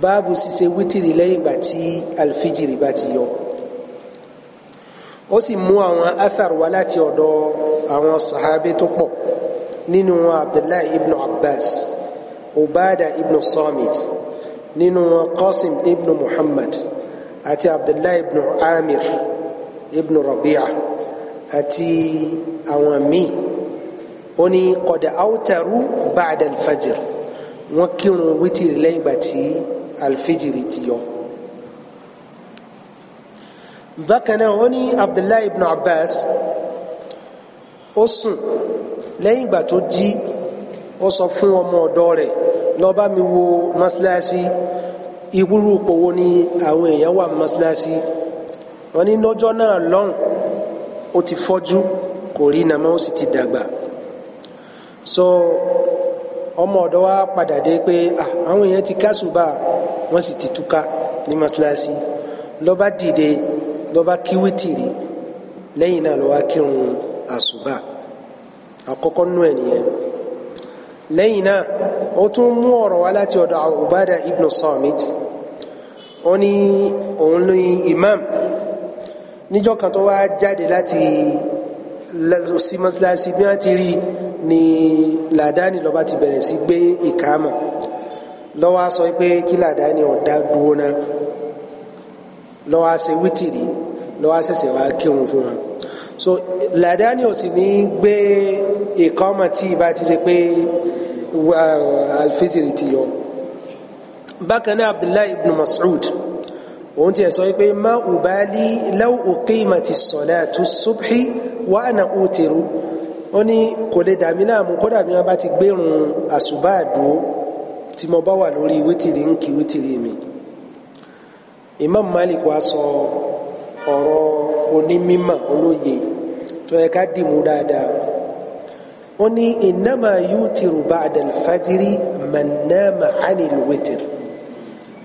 báàbù ṣíṣe wítírì lẹ́yìn ìgbà tí alfijiri bá ti yọ ó sì mú àwọn athar wá láti ọ̀dọ̀ àwọn sahabe tó pọ̀ nínú abdullahi ibn abbas ubada ibn samit nínú qasim ibn muhammad àti abdullahi ibn amir ibn rabi'ah àti àwọn míì ó ní kọ̀dà áwùtàrú báàdà alfajir wọ́n kírun wítìrì lẹ́yìn ìgbà tí alfijiri ti yọ. bákan náà ó ní abdullahi ibn abbas ó sùn lẹ́yìn ìgbà tó jí ó sọ fún ọmọ ọ̀dọ́ rẹ̀ lọ mi wo mọ́sálásí ìwúrú òpòwò ni àwọn èèyàn wà mọ́sálásí wọ́n ní lọ́jọ́ náà lọ́hùn ó ti fọ́jú kò rí iná mọ́ ó sì ti dàgbà so ọmọ ọ̀dọ́ wa padà dé pé àwọn èèyàn ti kásùbà wọ́n sì ti túká ní mọ́ṣáláṣí ló bá dìde ló bá kí wítìrì lẹ́yìn náà ló wá kírun àsùbà àkọ́kọ́ nú ẹ̀ nìyẹn lẹ́yìn náà ó tún mú ọ̀rọ̀ wá láti ọ̀dọ̀ Ubada ibn Samit ó ní òun ní imam níjọ́ kan tó wá jáde láti sí mọ́sálásí bí wọ́n ti rí ni làdáni lọ́ba ti bẹ̀rẹ̀ sí gbé ìkàmà lọ́wọ́ sọ pé kí làdáni ọ̀dá dúró náà lọ́wọ́ ṣe wítìrì lọ́wọ́ ṣẹ̀ṣẹ̀ wá kírun fún wa so làdáni ò sì ní gbé ìkàmà tí ìbá ti ṣe pé alfitiri ti yọ bákan náà Abdullahi ibn Mas'ud òun ti ẹ̀ sọ pé má ubali law uqimatis salatu subhi wa ana utiru ó ní kò lè dàmí láàmú kódà bí wọ́n bá ti gbérun àṣùbà àdúró tí mo bá wà lórí wítìrì ń kí wítìrì mi Imam Malik wa sọ ọ̀rọ̀ onímímọ̀ olóye tó yẹ ká dìmú dáadáa ó ní innama yutiru ba'da al-fajri man nama 'anil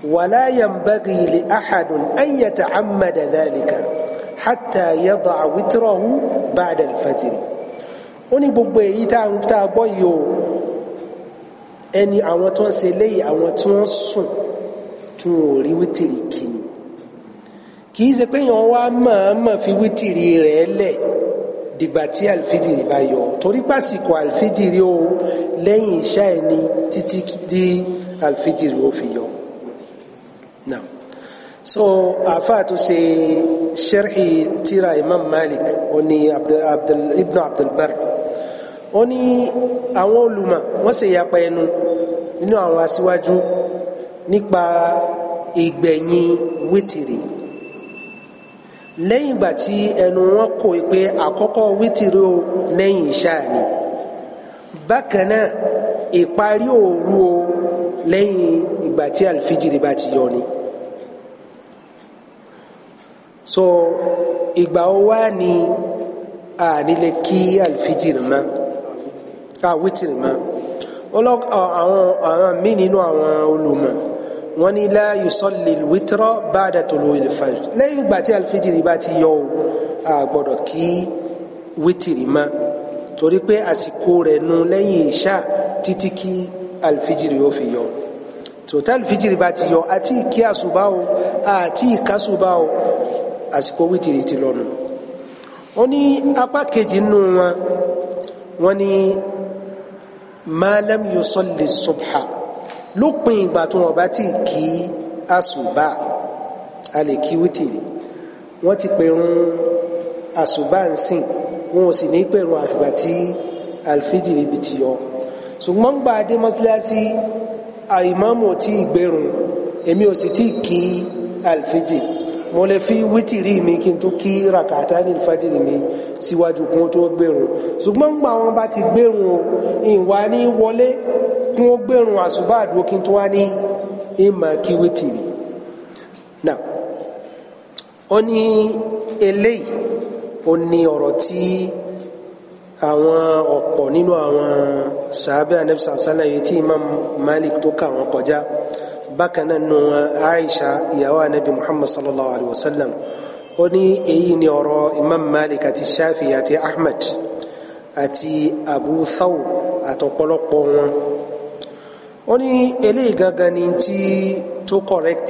ولا ينبغي لأحد أن يتعمد ذلك حتى يضع وتره بعد الفجر oni gbogbo èyí tá tá a gbọ́ yìí o ẹni àwọn tó ń ṣe léyìí àwọn tí wọ́n sùn tí wọn ò rí wítìrì kìíní kì í ṣe pé yàn wá mọ̀ọ́mọ̀ fi wítìrì rẹ̀ lẹ̀ dìgbà tí àlfíjìrì bá yọ torí pàṣípò àlfíjìrì o lẹ́yìn iṣẹ́ ẹni títí di àlfíjìrì ó fi yọ so àfa tó ṣe sharhi tírà imam malik oní ibn abdulbar oní àwọn olùmọ̀ wọ́n ṣe yapa ẹnu nínú àwọn aṣíwájú nípa ìgbẹ̀yìn wítìrì lẹ́yìn ìgbà tí ẹnu wọn kò pé àkọ́kọ́ wítìrì o lẹ́yìn ìṣáà ni bákan náà ìparí òru o lẹ́yìn ìgbà tí alfijiri bá ti yọ ni so ìgbà wo wá ni a nílé kí àlùfíjìrì mọ́ àwítìrì mọ́ àwọn àwọn míì nínú àwọn olùmọ̀ wọn ní la yusalli wítírọ́ ba'da tulu'il fajr lẹ́yìn ìgbà tí àlùfíjìrì bá ti yọ o a gbọ́dọ̀ kí wítìrì mọ́ torí pé àsìkò rẹ̀ nu lẹ́yìn ìṣá títí kí àlùfíjìrì ó fi yọ tòtá àlùfíjìrì bá ti yọ àti ìkí àsùbá àti ìkásùbá àsìkò wítìrì ti lọ́nu ó ní apá kejì nínú wọn wọn ní malam yusalli subha lópin ìgbà tó wọn bá ti kí àsùbà a lè kí wítìrì wọn ti pèrún àsùbà ń sìn wọn ò sì ní pèrún àfìgbà tí alfijiri bi ti yọ ṣùgbọ́n gba adé mọ́síláṣí àìmọ́mù tí ìgbérun èmi ò sì tí kí alfijiri mo lè fi wítìrí mi kí n tó kí rakata ní ìfajìrì mi síwájú kún tó gbèrún ṣùgbọ́n gbà wọn bá ti gbèrún ìwà ní wọlé kún ó gbèrún àṣùbà àdúró kí n tó wá ní ìmọ̀ kí wítìrí náà ó ní eléyìí ó ní ọ̀rọ̀ tí àwọn ọ̀pọ̀ nínú àwọn sàábẹ́ anẹ́bísà sálàyé tí Imam Malik tó kà wọ́n kọjá bákan náà nù aisha ìyàwó anabi muhammad sallallahu alayhi wa sallam ó ní èyí ni ọ̀rọ̀ imam malik àti shafi àti ahmed àti abu thaw àtọ̀pọ̀lọpọ̀ wọn ó ní eléyìí gangan ni tí tó correct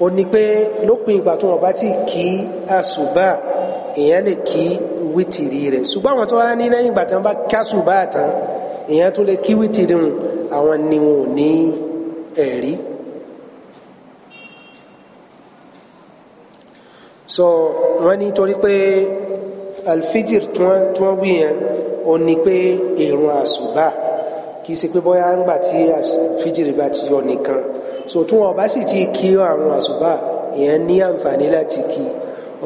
ó ní pé lópin ìgbà tó wọn bá ti kí àsùbà èèyàn lè kí wítìrì rẹ̀ ṣùgbọ́n àwọn tó wá ní lẹ́yìn ìgbà tí wọ́n bá kí àsùbà tán èèyàn tó lè kí wítìrì wọn àwọn ni wọn ò ní í ẹ̀rí so wọ́n ní torí pé alfijir tí wọ́n wí yẹn ó ní pé èrùn àsùbà kì í ṣe pé bóyá ń gbà tí alfijir bá ti yọ nìkan so tí wọn bá sì ti kí àrùn àsùbà ìyẹn ní àǹfààní láti kí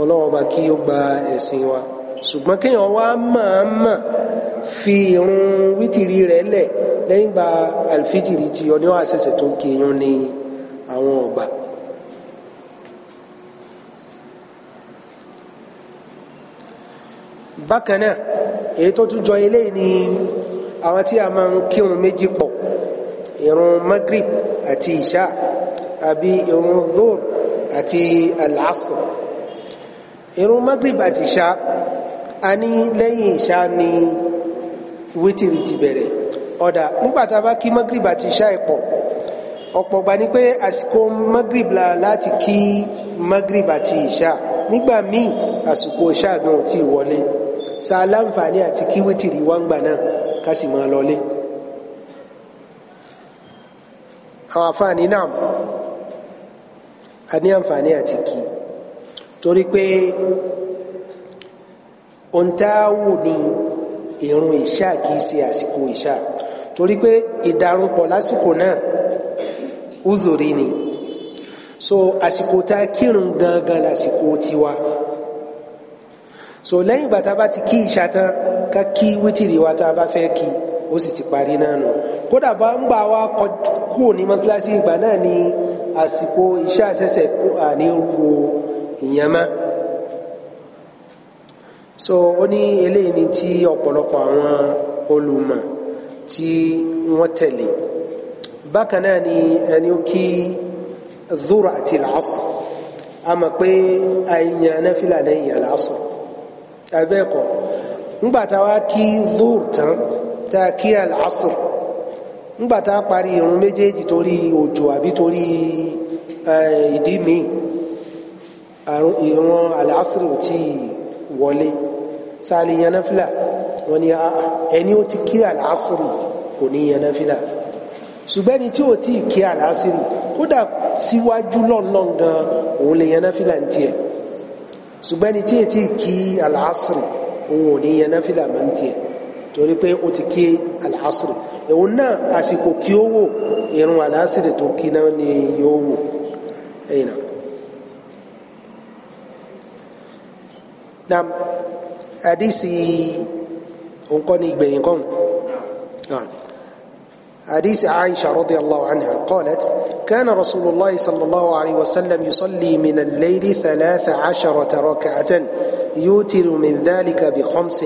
ọlọ́run ọba kí ó gba ẹ̀sìn wa ṣùgbọ́n kéèyàn wá máa fi irun wítìrí rẹ̀ lẹ̀ lẹ́yìn gba alifijiri ti ọ ní wàá ṣẹ̀ṣẹ̀ tó kéyún ní àwọn ọgbà. bákan náà èyí tó tún jọ eléyìí ni àwọn tí a máa ń kírun méjì pọ̀ ìrun magrib àti isha àbí ìrun dhur àti al-asr magrib àti isha a ní lẹ́yìn isha ni wítìrì ti bẹ̀rẹ̀ ọ̀dà nígbà tá a bá kí magrib àti ìṣá ẹ̀pọ̀ ọ̀pọ̀ gbà ni pé àsìkò magrib la láti kí magrib àti ìṣá nígbà míì àsìkò ìṣá gan ò tí ì wọlé sa aláǹfààní àti kí wítìrì wá ń gbà náà ká sì máa lọlé. àwọn àǹfààní náà a ní àǹfààní àti kí torí pé ohun tá a wò ní ìrun ìṣá kì ṣe àsìkò ìṣá torí pé ìdarúpọ̀ lásìkò náà uzuri ni so àsìkò tá a kírun gangan lásìkò tiwa so lẹ́yìn ìgbà tá a bá ti kí ìṣá tán ká kí wítìrì wa tá a bá fẹ́ kí ó sì ti parí náà nù kódà bá ń gbà wá kúrò ní mọ́ṣáláṣí ìgbà náà ni àsìkò ìṣá àṣẹṣẹ kó àní wo ìyẹn má so ó ní eléyìí ni ti ọ̀pọ̀lọpọ̀ àwọn olùmọ̀ tí wọ́n tẹ̀lé bákan náà ni ẹni ó kí dhur àti làásù a mọ̀ pé àìyàn náfìlà lẹ́yìn àlàásù abẹ́ẹ̀kọ́ ńgbà tá a wá kí dhur tán tá a kí àlàásù ńgbà tá parí irun méjèèjì torí òjò àbí torí ìdí míì ìran àlàásù ò tí wọlé sáà lè yan náfìlà wọ́n ní ah, ẹni ó ti kí àlásìrì kò ní yẹn náfìlà ṣùgbọ́n ẹni tí ò tí ì kí àlásìrì kódà síwájú lọ́nà gan òun lè yẹn náfìlà ń tiẹ̀ ṣùgbọ́n ẹni tí ò tí ì kí àlásìrì òun ò ní yẹn náfìlà máa ń tiẹ̀ torí pé ó ti kí àlásìrì òun náà àsìkò kí ó wò irun àlásìrì tó kí náà ni yóò wò ẹ̀yìn náà. hadisi ونقول ni حديث عائشة رضي الله عنها قالت كان رسول الله صلى الله عليه وسلم يصلي من الليل ثلاث عشرة ركعة يوتر من ذلك بخمس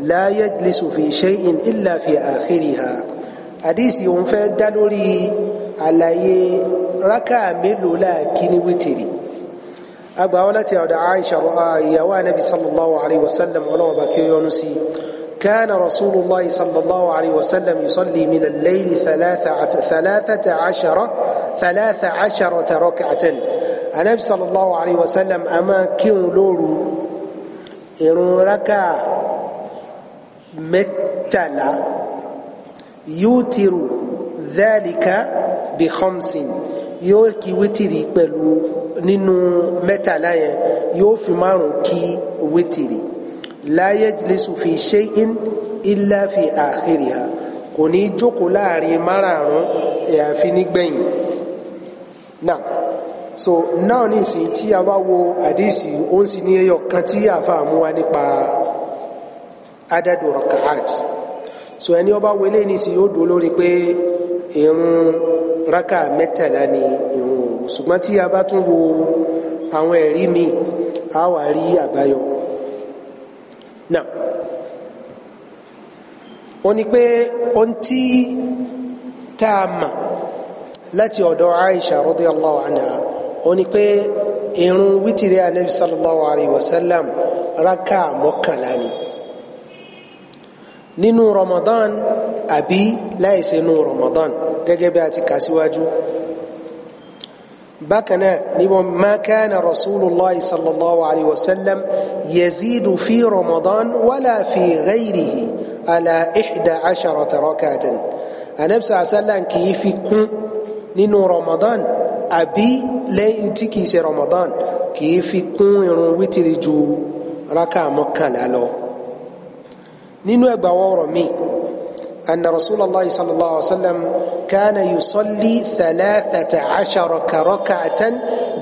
لا يجلس في شيء إلا في آخرها حديث يوم لي على ركع ملو لكن وتر أبا ولتي عائشة رأى يا صلى الله عليه وسلم ولو بكي يونسي كان رسول الله صلى الله عليه وسلم يصلي من الليل ثلاثة ثلاثة عشرة ثلاثة عشرة ركعة النبي صلى الله عليه وسلم أما كن لولو متلا يوتر ذلك بخمس يوكي وتري بلو نينو متلا يوفي مارو كي وتري la yajlisu fi shay'in illa fi akhiriha kò ní jókòó láàrin márààrún àyàfi nígbẹ̀yìn náà so náà ní ìsìn tí a bá wo àdísì ó ń sì ní ẹyọ kan tí àfa àmúwa nípa adadu rakaat so ẹni ó bá wọlé ní ìsìn yóò dúró lórí pé irun raka mẹ́tàlá ni irun ṣùgbọ́n tí a bá tún wo àwọn ẹ̀rí míì a wà rí àbáyọ náà wọ́n ní pé ohun tí tá a mọ̀ láti ọ̀dọ̀ Aisha radiyallahu anha wọ́n ní pé irun wítìrí anabi sallallahu alayhi wa sallam raka mọ́kànlá ni nínú Ramadan àbí láìsí nínú Ramadan gẹ́gẹ́ bí a ti بكنا ما كان رسول الله صلى الله عليه وسلم يزيد في رمضان ولا في غيره على إحدى عشرة ركعة النبي صلى الله عليه وسلم كيف يكون نينو رمضان أبي لا يتكيس رمضان كيف يكون يرويت رجو ركع مكان لالو نينو أبا ورمي أن رسول الله صلى الله عليه وسلم كان يصلي ثلاثة عشر ركعة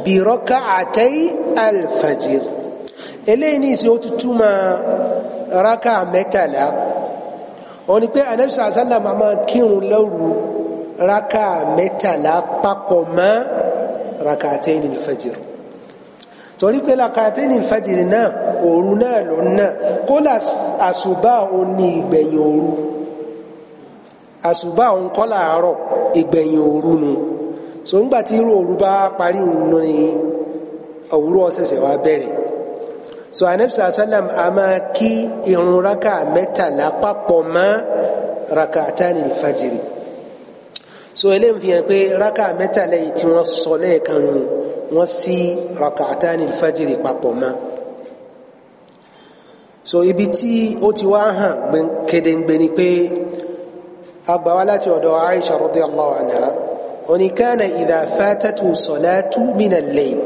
بركعتي الفجر eléyìí ní ìsìn ó ti túmọ̀ raka mẹ́tàlá òní pé anabi sàlá sàlá màmá kírun lóru raka mẹ́tàlá papọ̀ mọ́ rak'atayn al-fajr torí pé rak'atayn al-fajr náà òru náà lòun náà kó làásùbà òun ní ìgbẹ̀yìn òru àṣùbà òun kọ́ làárọ̀ ìgbẹ̀yìn òru nu so ńgbà tí irú òru bá parí ní òwúrọ̀ ṣẹ̀ṣẹ̀ wá bẹ̀rẹ̀ so anabisa asalam a máa kí irun raka mẹ́tàlá papọ̀ mọ́ raka tani fajiri so eléyìí fi hàn pé raka mẹ́tàlá yìí tí wọ́n sọ lẹ́ẹ̀kan nù wọ́n sí raka tani fajiri papọ̀ mọ́ so ibi tí ó ti wá hàn kedengbe pé. أبوالات ودو عائشة رضي الله عنها وني كان إذا فاتته صلاة من الليل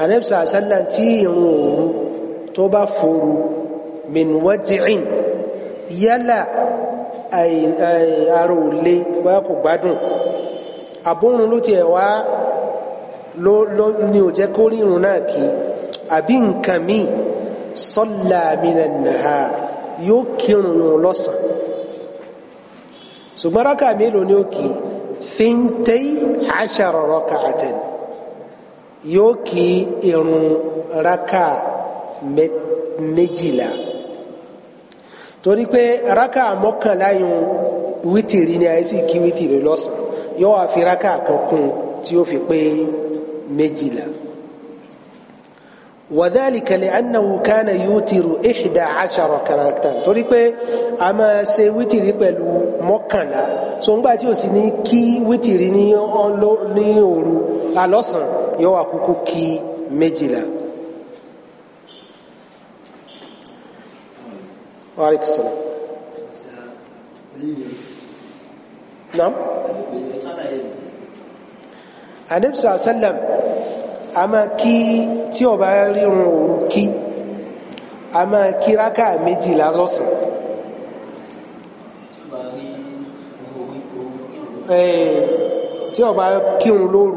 النبي صلى الله عليه وسلم تيمور تبفر من وجع يلا أي أي أرو لي ويكو بدون أبون لوتي وا لو لو نيو جاكولي نوناكي أبين كمي صلى من النهار يوكي نونو لصن ṣùgbọ́n rákà mélòó ni ó kì í fintay ashara rak'atan yóò kì í irun rákà méjìlá torí pé rákà mọ́kànlá yun wítìrì ni àìsí kí wítìrì lọ́sàn yóò wá fi rákà kan kún tí ó fi pé méjìlá. وذلك لأنه كان يوتر إحدى عشر كراكتان torí pé a máa ṣe wítìrì pẹ̀lú mọ́kànlá so ńgbà tí o sì ní kí wítìrì ní òru alọ́sàn yóò wá kúkú kí méjìlá. وعليك السلام نعم النبي صلى الله عليه وسلم ama máa kí tí ó bá rírun òru kí a máa kí rákà méjìlá lọ́sàn. tí ó bá kírun lóru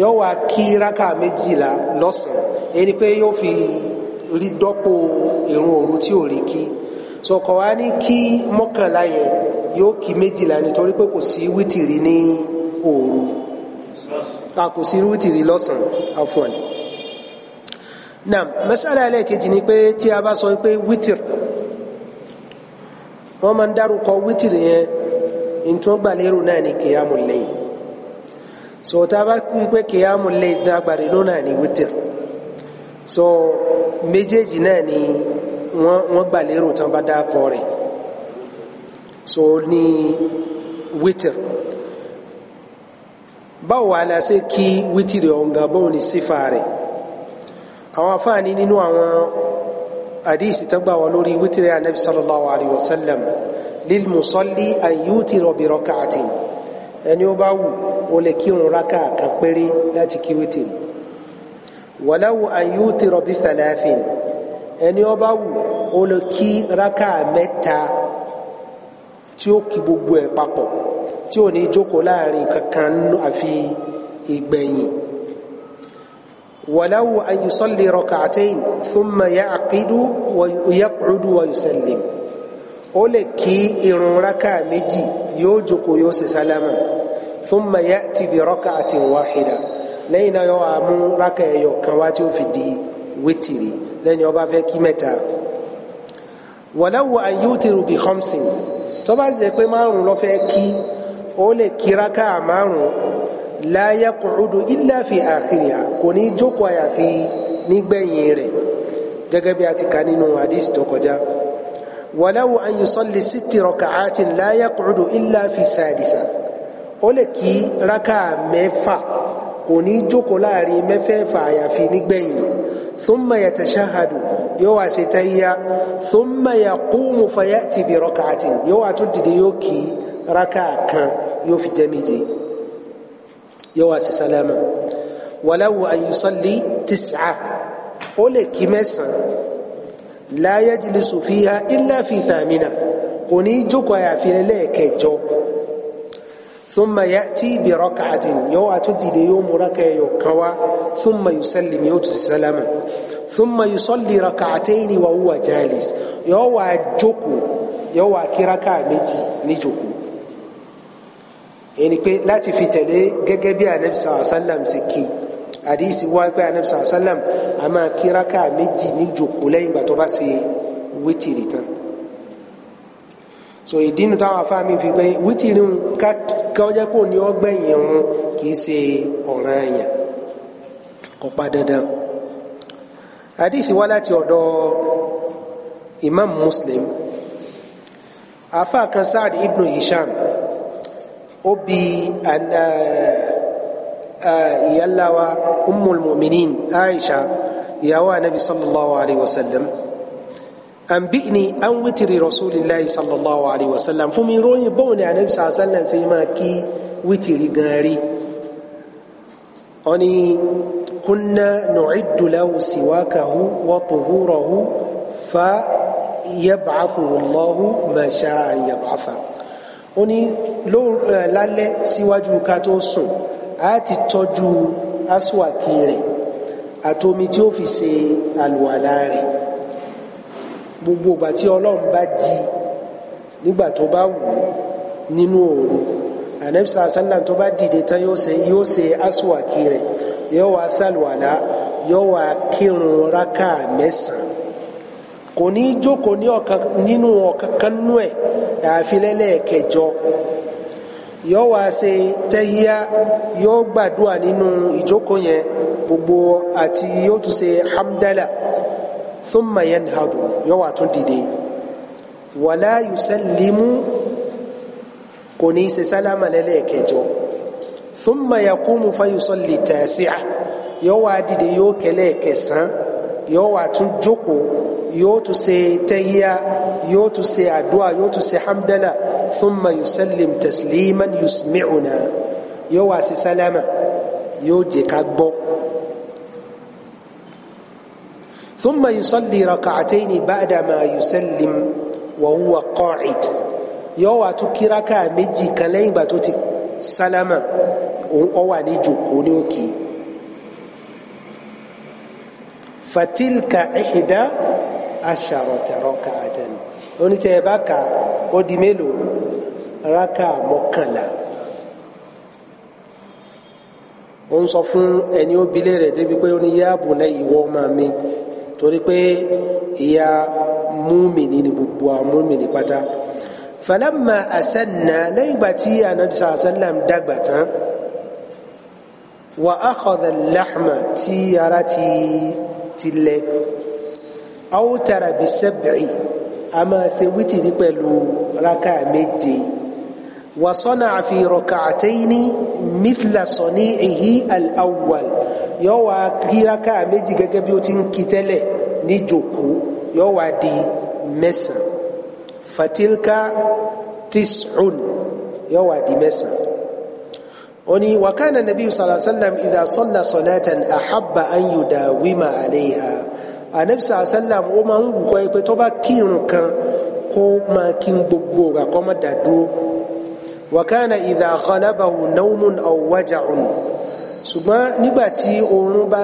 yóò wá kí rákà méjìlá lọ́sàn ẹni pé yóò fi rí dọ́pọ̀ ìrun òru tí ò rí kí sọkọ wa ní kí mọ́kànlá yẹn yóò kí méjìlá nítorí pé kò sí wítìrì ní òru. a ah, kò sí wítìrì lọ́sàn-án afwan naam ni pé tí a bá sọ pé witir wọn máa ń dárúkọ wítìrì yẹn ntọ́ gbalérò náà ni kìyàmù lẹ́yìn so tá a bá wí pé kìyàmù lẹ́yìn tá a gbalérò náà ni witir so méjèèjì náà ni wọn wọ́n gbalérò tán bá dá kọ rẹ̀ so ni witir báwo wà la ṣe kí wítìrì ọ̀ǹgà bóun ní sífà rẹ̀ àwọn afáàní nínú àwọn àdíìsì tó gbà wá lórí wítìrì anabi sallallahu alayhi wa sallam lil musalli an yutira bi rak'atin ẹni ó bá wù ó lè kírun rákà kan péré láti kí wítìrì walaw an yutira bi ẹni ó bá wù ó lè kí rákà mẹ́ta tí ó kí gbogbo ẹ̀ papọ̀ tí ò ní jókòó láàrin kankan àfi ìgbẹ̀yìn wàláwù ayùsọ́lì rọ̀kàtẹ́yìn thumma ya'qidu wa yaq'udu wa yusallim ó lè kí irun rákà méjì yóò jókòó yóò ṣe sálámà thumma ya'ti bi rak'atin wahida lẹ́yìn náà yóò mú rákà ẹyọ kan wá tí ó fi di wítìrì lẹ́yìn ó fẹ́ kí mẹ́ta wàláwù ayùtìrù bi khamsin tó ṣe pé márùn ló fẹ́ kí ó lè kíráká márùn la yaqudu illa fi akhiriha kò ní jókòó àyàfi nígbẹ̀yìn rẹ̀ gẹ́gẹ́ bí a ti kà nínú hadith tó kọjá walau an yusalli sitti raka'atin la yaqudu illa fi sadisa ó lè kí rákà mẹ́fà kò ní jókòó láàrin mẹ́fẹ̀ẹ̀fà àyàfi nígbẹ̀yìn thumma yatashahadu yóò wá tayya thumma yaqumu fayati bi raka'atin yóò wá tún dìde rákà kan yóò fi jẹ́ méje yóò wá sí sálámà wàláwo àyùsọ̀lì tìsà ó lè kí mẹ́sàn-án láyé jìlísù fi ha ilá fi fàmìnà kò ní jókòó àyàfi lẹ́ẹ̀kẹjọ ثم يأتي بركعة يو أتدي يوم ركع يوكوا ثم يسلم يوت السلام ثم يصلي ركعتين وهو جالس يو أجوكو يو أكي ركع نجي نجوكو ẹni pé láti fi tẹ̀lé gẹ́gẹ́ bí anabi sàlá sàlám ṣe kí àdìsí wá pé anabi sàlá sàlám a máa kí rákà méjì ní jòkó lẹ́yìn ìgbà bá ṣe wítìrì tán so ìdínú táwọn afáàmì fi pé wítìrì ń kọjá pò ní ọgbẹ̀yìn ọ̀hún kì í ṣe ọ̀ràn àyàn kò pa dandan àdìsí wá láti ọ̀dọ̀ imam muslim afa kan saad ibnu hisham أبي أن يلا وأم المؤمنين عائشة يا نبي صلى الله عليه وسلم أن بئني أن وتر رسول الله صلى الله عليه وسلم فمن روي بوني عن النبي صلى الله عليه وسلم زي ما كي وتر غاري أني كنا نعد له سواكه وطهوره فيبعثه الله ما شاء أن يبعثه ó ní lálẹ́ síwájú ká tó sùn á ti tọ́jú aswaki rẹ̀ àti omi tí ó fi ṣe àlùwàlá rẹ̀ gbogbo ìgbà tí ọlọ́run bá jí nígbà tó bá wù ú nínú òru ànẹ́bísà sálàm tó bá dìde tán yóò ṣe yóò rẹ̀ yóò wá sàlùwàlá kírun rákà mẹ́sàn-án kò ní jókòó ní ọ̀kan nínú ọ̀kan kan nú ẹ̀ àfi lẹ́lẹ́ẹ̀kẹjọ yóò wá ṣe tẹ́yíyá yóò gbàdúrà nínú ìjókòó yẹn gbogbo àti yóò tún ṣe hamdala thumma yanhadu yóò wá tún dìde wàlá yusallimu kò ní ṣe sálámà lẹ́lẹ́ẹ̀kẹjọ thumma yakumu fayusalli tasi'a yóò wá dìde yóò kẹlẹ́ẹ̀kẹsàn yóò wá tún jókòó yóò tún ṣe tẹ́yíyá yóò tún ṣe àdúrà yóò tún ṣe hamdala thumma yusallim tasliman yusmi'una yóò wá sí sálámà yóò jẹ́ ká gbọ́. ثم يصلي ركعتين بعدما يسلم وهو قاعد yóò wá tún kí rákà méjì kan lẹ́yìn ìgbà tó ti sálámà ó wà ní jòkó ní òkè fatilka ihda asharata rak'atan onítẹ̀ bá kà ó di mélòó rákà mọ́kànlá ó ń sọ fún ẹni ó bilé rẹ̀ débi pé ó ní yá àbùnà ìwọ ọmọ mi torí pé ìyá múmìnì ni gbogbo àwọn múmìnì pátá falamma asanna lẹ́yìn ìgbà tí anabi sallam dàgbà tán wa akhadha al-lahma ara ti ti lẹ awutara bi sẹbẹẹ a máa ṣe wítìrí pẹ̀lú raka méje wasọ́nà àfi rọ̀kàtẹ́yìn mithla sọ̀ní èyí al-awwal yọ wá kí raka méjì gẹ́gẹ́ bí ó ti ń kí tẹ́lẹ̀ ní jòkó yọ wá di mẹ́sàn fatilka tis'un yọ wá di mẹ́sàn oni wakana nabi sallallahu alaihi wa sallam an yudawima alayha anabi sàlám ó máa ń wù kọ́ ẹ pé tó bá kírun kan kó máa kí gbogbo rà kó má dà dúró wàkàna ìdá àkọlábàwò naumun aw waja'un ṣùgbọ́n nígbà tí oorun bá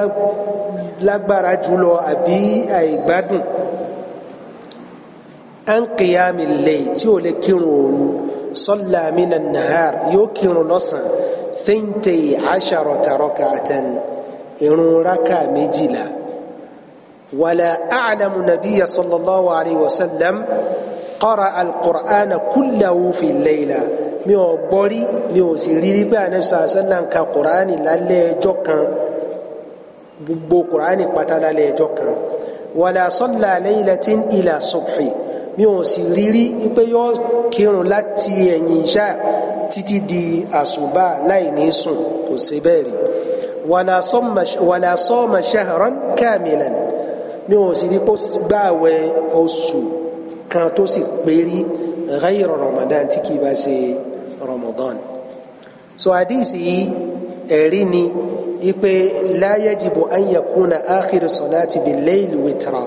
lágbára jùlọ àbí àìgbádùn an qiyami layl tí ó lè kírun òru salla mina nahar yóò kírun lọ́sàn thintay asharata rak'atan irun raka méjìlá ولا أعلم نبي صلى الله عليه وسلم قرأ القرآن كله في الليلة mi ò gbọ́rí mi ò sì rírí pé anabi sàlá sàlá ń ka kuraani lálẹ́ ẹjọ́ kan gbogbo kuraani pátá lálẹ́ ẹjọ́ kan wàlà sọ́là laylatin ilà subhi mi ò sì rírí pé yóò kírun láti ẹ̀yìn iṣá títí di àsùbà láì ní sùn kò sí bẹ́ẹ̀ rí wàlà sọ́ọ̀mà shahran kamilan ní wọn sì rí kó gbààwẹ̀ oṣù kan tó sì pérí ghayr Ramadan tí kì í bá ṣe Ramadan so àdìsí yìí ẹ̀rí ni ipe la yajibu an yakuna akhiru salati bil-layl witra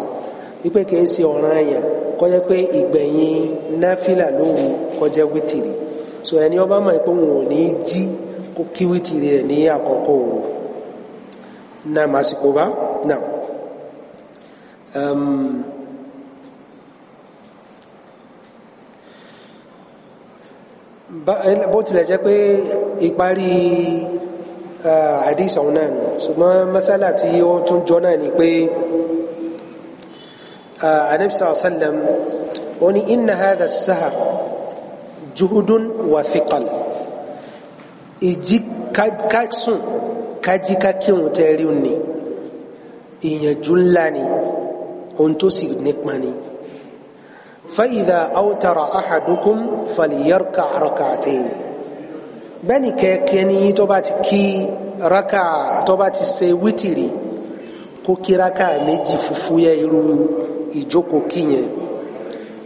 ipe kìí ṣe ọ̀ranyàn kó jẹ́ pé ìgbẹ̀yìn náfìlà lóru kó jẹ́ wítìrì so ẹni ọba mọ̀ pé òun ò ní jí kó kí wítìrì rẹ̀ ní àkọ́kọ́ òru náà màsìkò bá náà. Um, bó tilẹ̀ jẹ́ pé ìparí hadith ọ̀hún náà nù ṣùgbọ́n masala tí ó tún jọ náà ni pé anabisa ọ̀sálẹ̀m ó ní inna hadha sahar juhudun wa thiqal ìjí kásùn kájíkákírun ni ìyànjú ńlá ni ohun tó sì nípa ni. فإذا أوتر أحدكم فليركع ركعتين bẹ́ẹ̀ni kẹ́kẹ́ni tó bá ti kí raka tó bá ti ṣe wítìrì kó kí raka méjì fufu yẹ irú ìjókòó kíyẹn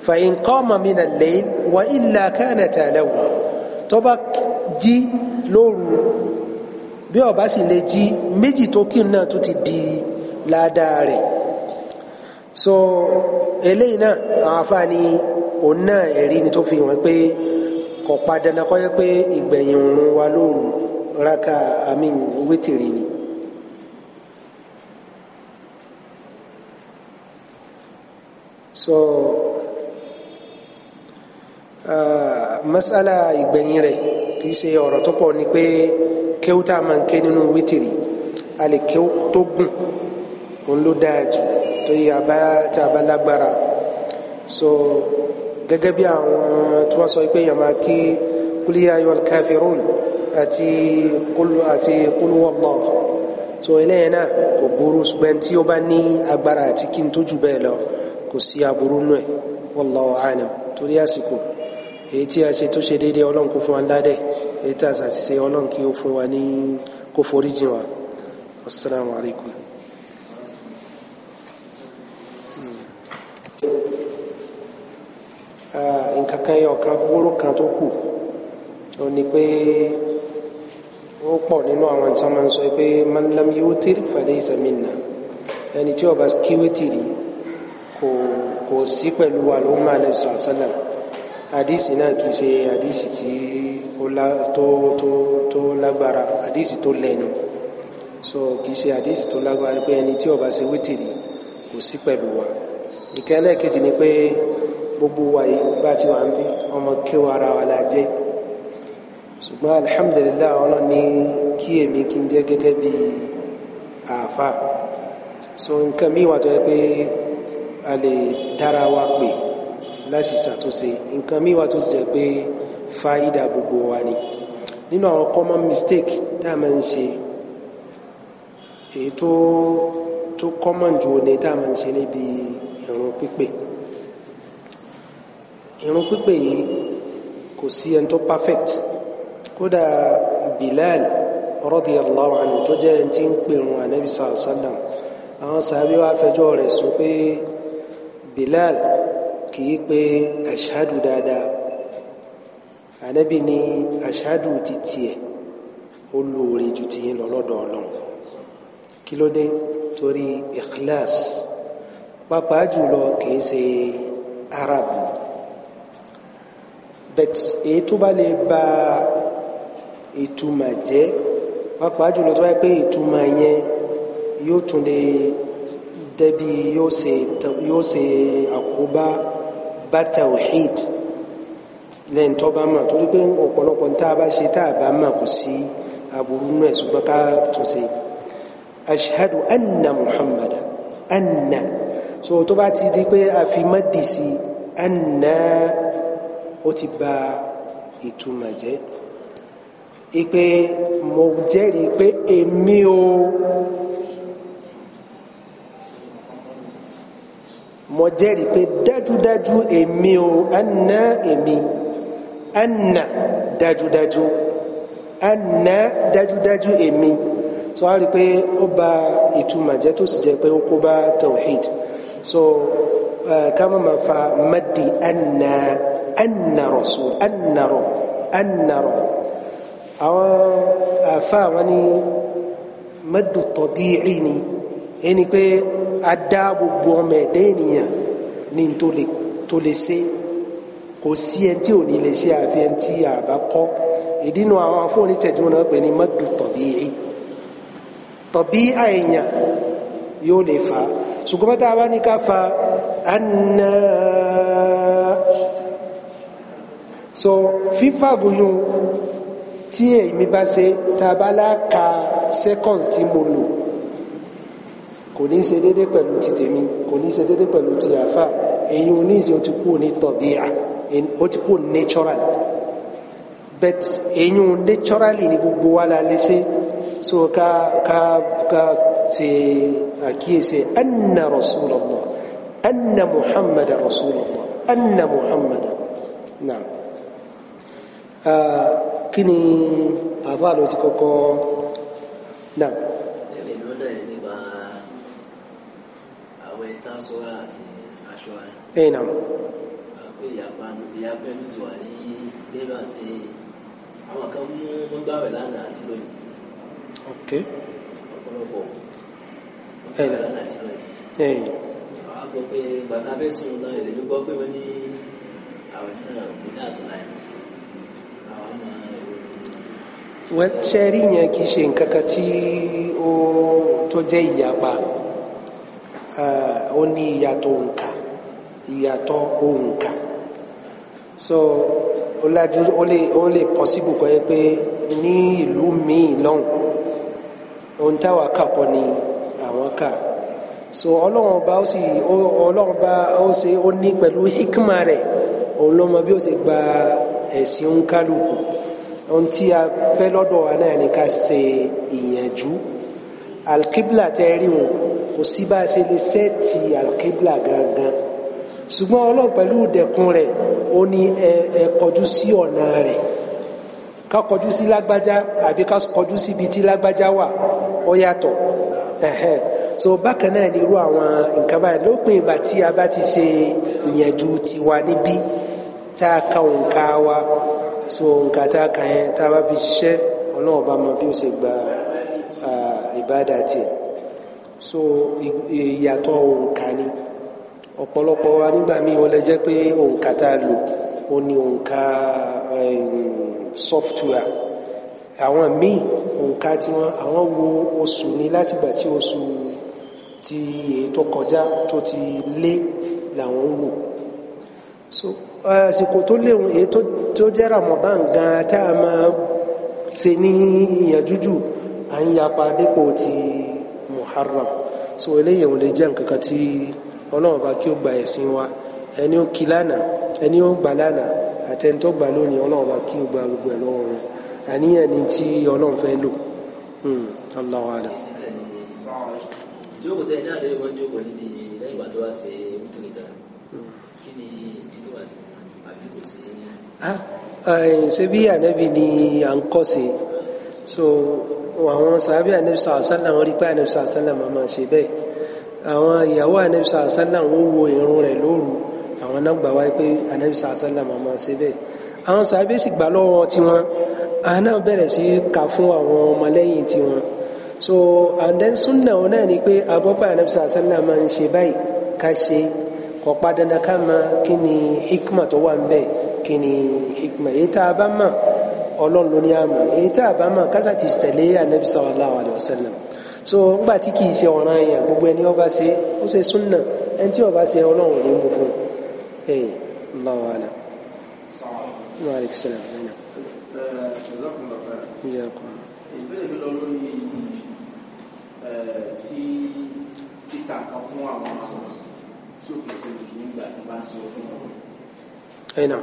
فإن قام من الليل وإلا كانت له tó bá jí lóru bí ó bá sì lè jí méjì tó kí náà tó ti di ládàá rẹ̀ so eléyìí náà àwọn afáàní òun náà ẹ̀rí ni tó fi hàn pé kò pa dandan kọ́ yẹ pé ìgbẹ̀yìn òun wa lóru raka amin wítìrì ni. so uh, masala ìgbẹ̀yìn rẹ̀ kì í ṣe ọ̀rọ̀ tó pọ̀ ni pé kéwú tá a máa ń ké nínú wítìrì a lè kéwú tó gùn òun ló dáa jù tó yà bá tá a lágbára so gẹ́gẹ́ bí àwọn tí wọ́n sọ pé yàn máa kí kúlíyà yọ káfírún àti kúlù àti kúlù wọ́pọ̀ so eléyìí náà kò burú ṣùgbọ́n tí ó bá ní agbára àti kí n tó jù bẹ́ẹ̀ lọ kò sí aburú nù ẹ̀ wallahu alam torí àsìkò èyí tí a ṣe tó ṣe déédéé ọlọ́run kó fún wa ládẹ́ èyí tí a ṣàṣìṣe ọlọ́run kí ó fún wa ní kó foríjì wa assalamu alaikum. Eh, nǹkan kan yọ kan wóró kan tó kù ó ní pé ó pọ̀ nínú àwọn tí wọ́n máa ń sọ pé man lam yutir falaysa minna ẹni tí ó bá kíwétìrì kò kò sí pẹ̀lú àlùmọ́ alẹ́ sàlẹ̀ àdìsí náà kì í ṣe àdìsí tí ó la tó tó tó lágbára àdìsí tó lẹ́nu so kì í ṣe àdìsí tó lágbára pé ẹni tí ó bá ṣe wétìrì kò sí pẹ̀lú wa ìkẹ́lẹ́ kejì ni pé gbogbo wa yìí bá ti wà ń bí ọmọ kéwà ara wa la jẹ́ ṣùgbọ́n alihamudulilayi ọ̀nà ní kí èmi kí n jẹ́ gẹ́gẹ́ bí àáfà so nǹkan mi wà tó yẹ pé a lè dára wa pè láti ṣàtúnṣe nǹkan mi wà tó ti jẹ́ pé fáídà gbogbo wa ni nínú àwọn common mistake tá a máa ń ṣe èyí tó tó common jù ní tá a máa ń ṣe níbi ìrun pípè irun pípé yìí kò sí ẹni tó perfect kódà Bilal radiyallahu anhu tó jẹ́ ẹni tí ń pèrun anabi sallallahu alayhi wa sallam àwọn sàbí wa fẹjọ́ rẹ̀ sùn pé Bilal kìí pé ashadu dáadáa anabi ní ashadu ti tiẹ̀ ó lóore ju tiyín lọ lọ́dọ̀ Ọlọ́run kí ló dé torí ikhlas pàápàá jùlọ kìí ṣe Arab ni but èyí tó bá lè ba ìtumọ̀ jẹ́ pàápàá jùlọ tó bá yẹ pé ìtumọ̀ yẹn yóò tún lè dẹ́bi yóò ṣe yóò ṣe àkóbá bá tawhid lẹ́yìn tó bá mọ̀ torí pé ọ̀pọ̀lọpọ̀ tá a bá ṣe tá a bá mọ̀ kò sí aburú náà ṣùgbọ́n ká tún ṣe ashhadu anna muhammadu anna so tó bá ti di pé a fi mọ́ dì sí anna ó ti bà ìtumọ̀ jẹ́ ipe mo jẹ́rìí pé èmi o mo jẹ́rìí pé dájúdájú èmi o anna èmi anna dájúdájú anna dájúdájú èmi so a rí pé ó bà ìtumọ̀ jẹ́ tó sì jẹ́ pé ó kó bá tawhid so uh, ká má ma fa madi anna anna rasul anna rọ anna rọ àwọn àfa àwọn ní madu tabi'i ni ẹni pé a dá gbogbo ọmọ ẹ̀dẹ́ ènìyàn ní tó lè ṣe kò sí ẹni tí ò ní lè ṣe àfi ẹni tí a bá kọ́ ìdínú àwọn afọ́ni tẹ̀jú náà pè ní madu tabi'i tabi'i èèyàn yóò lè fà ṣùgbọ́n tá a bá ní ká fa anna so FIFA fífàgùnyún tí èmi bá ṣe tabala ka seconds tí mo lò kò ní ṣe déédéé pẹ̀lú ti tèmi kò ní ṣe déédéé pẹ̀lú ti àfa èyí oníṣe ó ti kú ní tọ̀bíà ó ti kú natural but èyí naturally ni gbogbo wa la lè ṣe so ka ka ka ṣe àkíyèsí anna rasulallah anna muhammad rasulallah anna muhammad naam kí ni àfa ló ti kọ́kọ́ náà. ẹ̀mí lọ́dọ̀ ẹ̀ nípa àwẹ̀ tásọ́ra àti aṣọ rẹ̀. ẹ̀ náà. àpè ìyàpánu ok. ọ̀pọ̀lọpọ̀ wọn gbàwẹ̀ eh, lánàá wọ́n ṣẹ́rí yẹn kì í ṣe nǹkan kan tí ó tó jẹ́ ìyapa ó ní ìyàtọ̀ òǹkà ìyàtọ̀ òǹkà so ó lájú ó lè ó lè pọ́síbù kọ́ yẹ pé ní ìlú míì lọ́hùn ohun táwa kà ni àwọn kà so ọlọ́run ọba ó sì ọlọ́run ọba ó ṣe ó ní pẹ̀lú hikma rẹ̀ òun ló mọ bí ó ṣe gba ẹ̀sìn ń kálukú ohun tí a fẹ́ lọ́dọ̀ wa náà ni ká ṣe ìyànjú alkibla tẹ rí wọn kò sí bá a ṣe lè sẹ́ẹ̀tì alkibla gangan ṣùgbọ́n ọlọ́run pẹ̀lú ìdẹ̀kùn rẹ̀ ó ní ẹ kọjú sí ọ̀nà rẹ̀ ká kọjú sí lágbájá àbí ká kọjú síbi tí lágbájá wà ó yàtọ̀ so bákan náà ni irú àwọn nǹkan báyìí lópin ìgbà tí a bá ti ṣe ìyànjú tiwa níbí tá a ka òǹkà wa so òǹkà tá a kà yẹn tá a bá fi ṣiṣẹ́ ọlọ́run bá mọ bí ó ṣe gba ìbáàdà tiẹ̀ so ìyàtọ̀ òǹkà ni ọ̀pọ̀lọpọ̀ wa nígbà míì wọ́n lè jẹ́ pé òǹkà tá a lò ó ní òǹkà software àwọn míì òǹkà tí wọ́n àwọn wo oṣù ni látìgbà tí oṣù ti èyí tó kọjá tó ti lé làwọn wò so àsìkò tó léwu èyí tó jẹ́ Ramadan gan tá a máa ṣe ní ìyàjújù à ń yapa dípò ti Muharram so eléyìí ò lè jẹ́ nǹkan kan tí Ọlọ́run bá kí ó gba ẹ̀sìn wa ẹni ó kí lánàá ẹni ó gbà lánàá àtẹni tó gbà lónìí Ọlọ́run bá kí ó gba gbogbo ẹ̀ lọ́wọ́ rẹ̀ àníyàn ni tí Ọlọ́run fẹ́ lò hmm, Allahu alam. jókòó tẹ ní àdéhùn wọn jókòó lẹ́yìn ìgbà tó wá sí i. ṣe bí ni à ń kọ́ sí so àwọn sàbí ànábì sàásánlá wọn rí pé ànábì sàásánlá máa máa ṣe bẹ́ẹ̀ àwọn ìyàwó ànábì sàásánlá wọn wo irun rẹ̀ lóru àwọn náà gbà wáyé pé ànábì sàásánlá máa máa ṣe bẹ́ẹ̀ àwọn sàbí sì gbà lọ́wọ́ tiwọn àwọn náà bẹ̀rẹ̀ sí kà fún àwọn ọmọlẹ́yìn tiwọn so and then sunna wọn náà ni pé agbọ́pọ̀ ànábì sàásánlá máa ń ṣe báyìí ká ṣe kọ̀pá dandan ká máa kí ni hikma tó wà ń bẹ́ẹ̀ kí ni hikma èyí tá a bá mọ̀ ọlọ́run ló ní àmọ́ èyí tá a bá mọ̀ kásá ti tẹ̀lé anabi sallallahu alayhi wa sallam so ńgbà tí kì í ṣe ọ̀ràn yẹn gbogbo ẹni ó bá ṣe ó ṣe súnà ẹni tí ó bá ṣe ọlọ́run ló mú fún un ee Allahu ala wa alaykum salaam ìbéèrè mi lọ eh, eh, kan fún àwọn tí ó pèsè ìdùnnú ìgbà tó bá ń ṣe ọdún ọdún ẹ̀yìn náà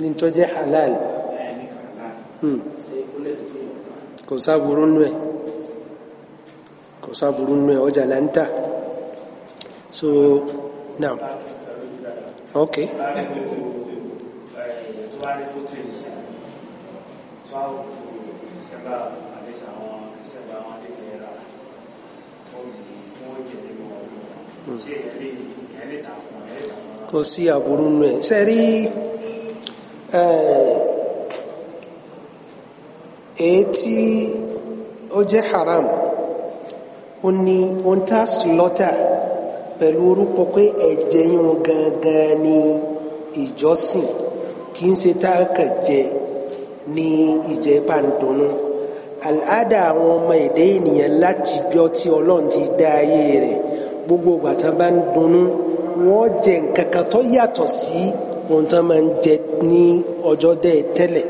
ní tó jẹ́ halal kò sáburú nù ẹ̀ kò sáburú nù ẹ̀ ọjà là ń tà so now okay. Mm kò sí àbúrú nù ẹ̀ sẹ́rí eh, èyí ó jẹ́ haram ó ní ohun tá a slọ́tà pẹ̀lú orúkọ pé ẹ̀jẹ̀ yín gangan ni ìjọsìn kì í ṣe tá a kàn jẹ ní ìjẹ́ pàǹdùnú àlàáda àwọn ọmọ èdè ènìyàn láti bí ọtí ọlọ́run ti dá ayé rẹ̀ gbogbo ìgbà tán bá ń dunnú wọ́n jẹ nǹkan tó yàtọ̀ sí wọn tí máa ń jẹ ní ọjọ́ dẹ́ tẹ́lẹ̀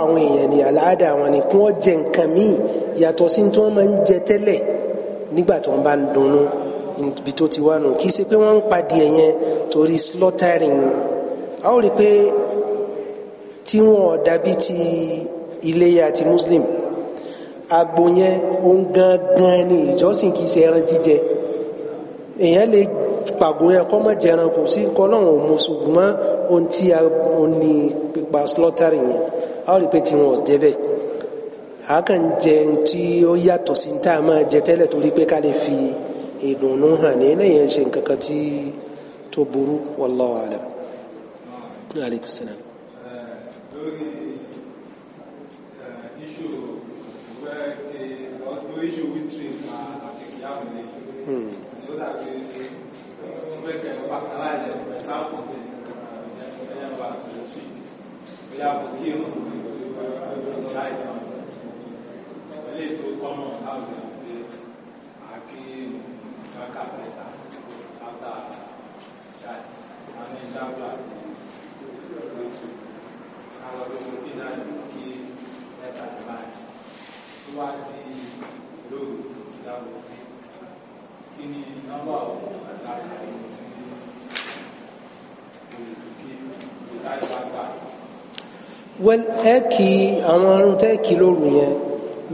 àwọn èèyàn ni àláàdà wọn ni kí wọ́n jẹ nǹkan míì yàtọ̀ sí tí jẹ tẹ́lẹ̀ nígbà kì í pé wọ́n ń torí a ó rí i pé tí wọn dàbí ti iléyà ti muslim agbo yẹn ó ń gangan ìjọsìn kì í ṣe ẹran jíjẹ. èèyàn lè pàgò yẹn kọ́ mọ́ jẹran kò sí kọ́lọ́hún ò ṣùgbọ́n ohun tí a ní pípa slọ́tàrì yẹn a ó rí pé tiwọn ò débẹ̀ a kàn ń jẹ tí ó yàtọ̀ sí tá a máa jẹ tẹ́lẹ̀ torí pé ká lè fi ìdùnnú hàn ní lẹ́yìn ṣe nǹkan kan tí tó burú bóyá kò kí o ṣá ìtàn ilé tó tọ́nà láwùjọ pé àkí ìjọba mẹ́ta látà ṣá wọn ní ṣáàbà lótú àwọn ọdún tí náà ní kí mẹ́ta ní báyìí tó wá di lóru ìdáwó kí ni nọ́mbà ọ̀hún àti àgbà yìí tí olùdókè ló dá ìbá gbà wẹ́n ẹ kì í àwọn àrùn tẹ́ kì í lóru yẹn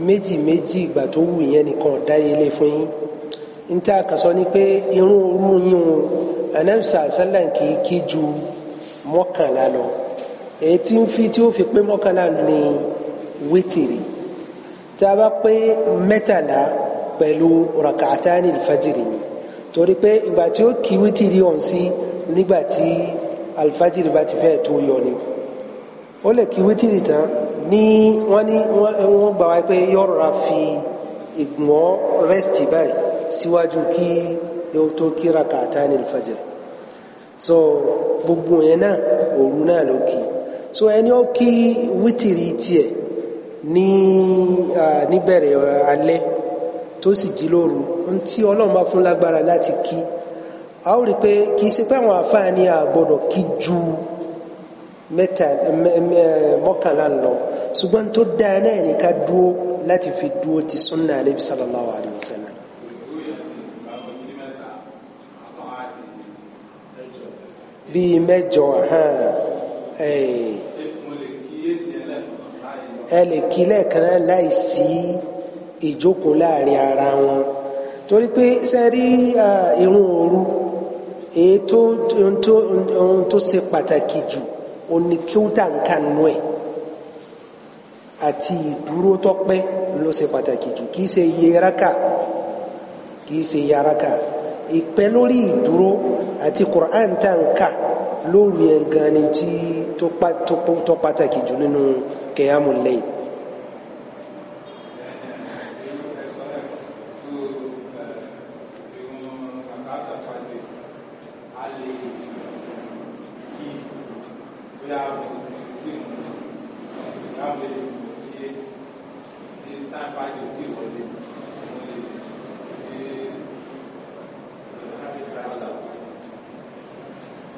méjì méjì ìgbà tó wù yẹn nìkan dáyé fún yín níta kàsọ ni pé irun orú yín anamsa sallan kì í kí ju mọ́kànlá lọ èyí tí ń fi tí ó fi pé mọ́kànlá ni wítìrì tá a bá pé mẹ́tàlá pẹ̀lú rakatani alfajiri ni torí pé ìgbà tí ó kí wítìrì ọ̀hún sí nígbà tí alfajiri bá ti fẹ́ tó yọ ni ó lè kí wítìrì tán ní wọ́n ní wọ́n gbà wá pé yóò rọra fi ìgbọ̀n rẹ́sìtì báyìí síwájú kí yóò tó kí rak'ata ní al so gbogbo yẹn náà òru náà ló kí so ẹni ó kí wítìrì tiẹ̀ ní níbẹ̀rẹ̀ alẹ́ tó sì jí lóru tí ọlọ́run bá fún lágbára láti kí a ó rí i pé kì í ṣe pé àwọn àfáà ní a gbọ́dọ̀ kí ju mẹ́ta mọ́kànlá lọ ṣùgbọ́n tó dáa náà ní ká dúó láti fi dúó ti súnà àlebi sallallahu alayhi wa sallam. bíi mẹ́jọ ẹ lè kí lẹ́ẹ̀kan láì sí ìjókòó láàrin ara wọn torí pé sẹ́rí irun òru èyí tó ṣe pàtàkì jù ó ní kíútà nǹkan nù ẹ̀ àti ìdúró tọ́pẹ́ ló ṣe pàtàkì jù kìí ṣe iye raka kìí ṣe iye raka ìpẹ́ lórí ìdúró àti Qur'an tá n kà lórí ẹ̀ gan ni tí tó pàtàkì jù nínú qiyamul layl.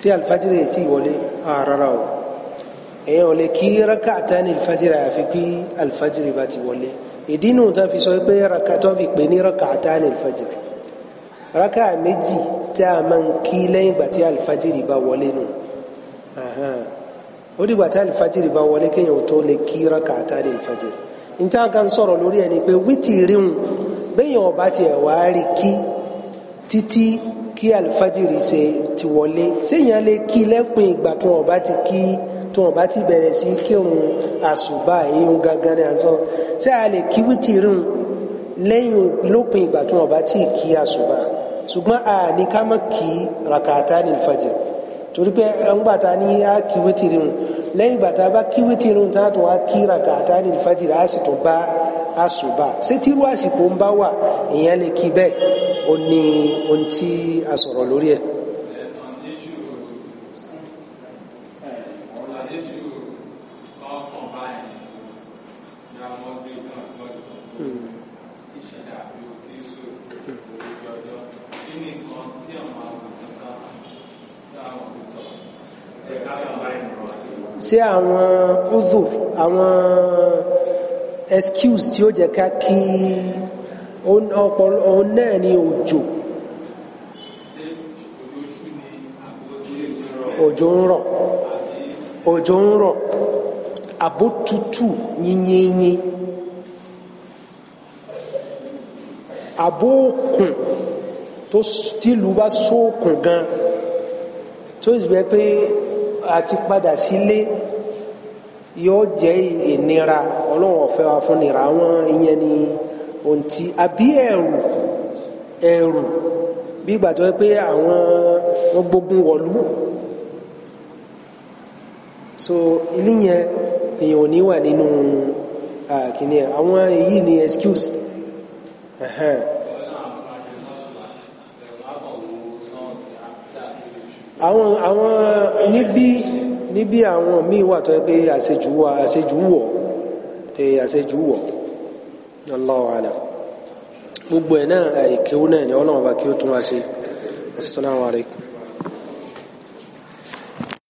tí alifájìrì ti wọlé àràrà o èèyàn ò lè kí rákàtà ní alifájìrì àfi kí alifájìrì bá ti wọlé ìdí nù tó fi sọ pé rákàtà fi pè ní rákàtà ní alifájìrì rákà méjì tá a máa ń kí lẹ́yìn ìgbà tí alifájìrì bá wọlé nù ó dìgbà tí alifájìrì bá wọlé kéèyàn tó lè kí rákàtà ní alifájìrì níta kan sọ̀rọ̀ lórí ẹni pé wítìrì ń bẹ́yìn ọba tiẹ̀ wá rí kí títí kí alifájìrì ṣe ti wọlé séèyàn lè kí lẹ́pìn ìgbà tí wọ́n bá ti kí tí wọ́n bá ti bẹ̀rẹ̀ sí kírun àsùbá èyí gangan ní àtọ́ ṣé a lè kí wítìrún lẹ́yìn lópin ìgbà tí wọ́n bá ti kí àsùbá ṣùgbọ́n a ní ká má kí rakata ní ìfàjẹ torí pé ńgbà tá a ní a kí wítìrún lẹ́yìn ìgbà tá a bá kí wítìrún tá a tún wá kí rakata ní ìfàjẹ a sì tún bá àsùbà ṣé tírú àsìkò ń bá wà èèyàn lè kí bẹ́ẹ̀ ó ní ohun tí a sọ̀rọ̀ lórí ẹ̀. sí àwọn uzur àwọn excuse tí ó jẹ́ ká kí òun náà ni òjò òjò ń rọ̀ òjò ń rọ̀ àbótútù yínyínyín àbókùn tó tìlú bá sókùn gan tó sì bẹ pé àti padà sílé. Si yóò jẹ́ ìnira ọlọ́run ọ̀fẹ́ wa fún nira àwọn ìyẹn ni ohun ti àbí ẹ̀rù ẹ̀rù bí ìgbà tó yẹ pé àwọn wọn gbógun wọ̀lú so ilé yẹn èèyàn ò ní wà nínú kìnìún àwọn èyí ni excuse. Uh-huh. àwọn àwọn níbí níbi àwọn míì wà tó yẹ pé àṣejù wà àṣejù wọ̀ ẹ àṣejù wọ̀ Allahu alam gbogbo ẹ̀ náà àìkéwú náà ni ọlọ́run bá kí ó tún wá ṣe assalamu alaikum.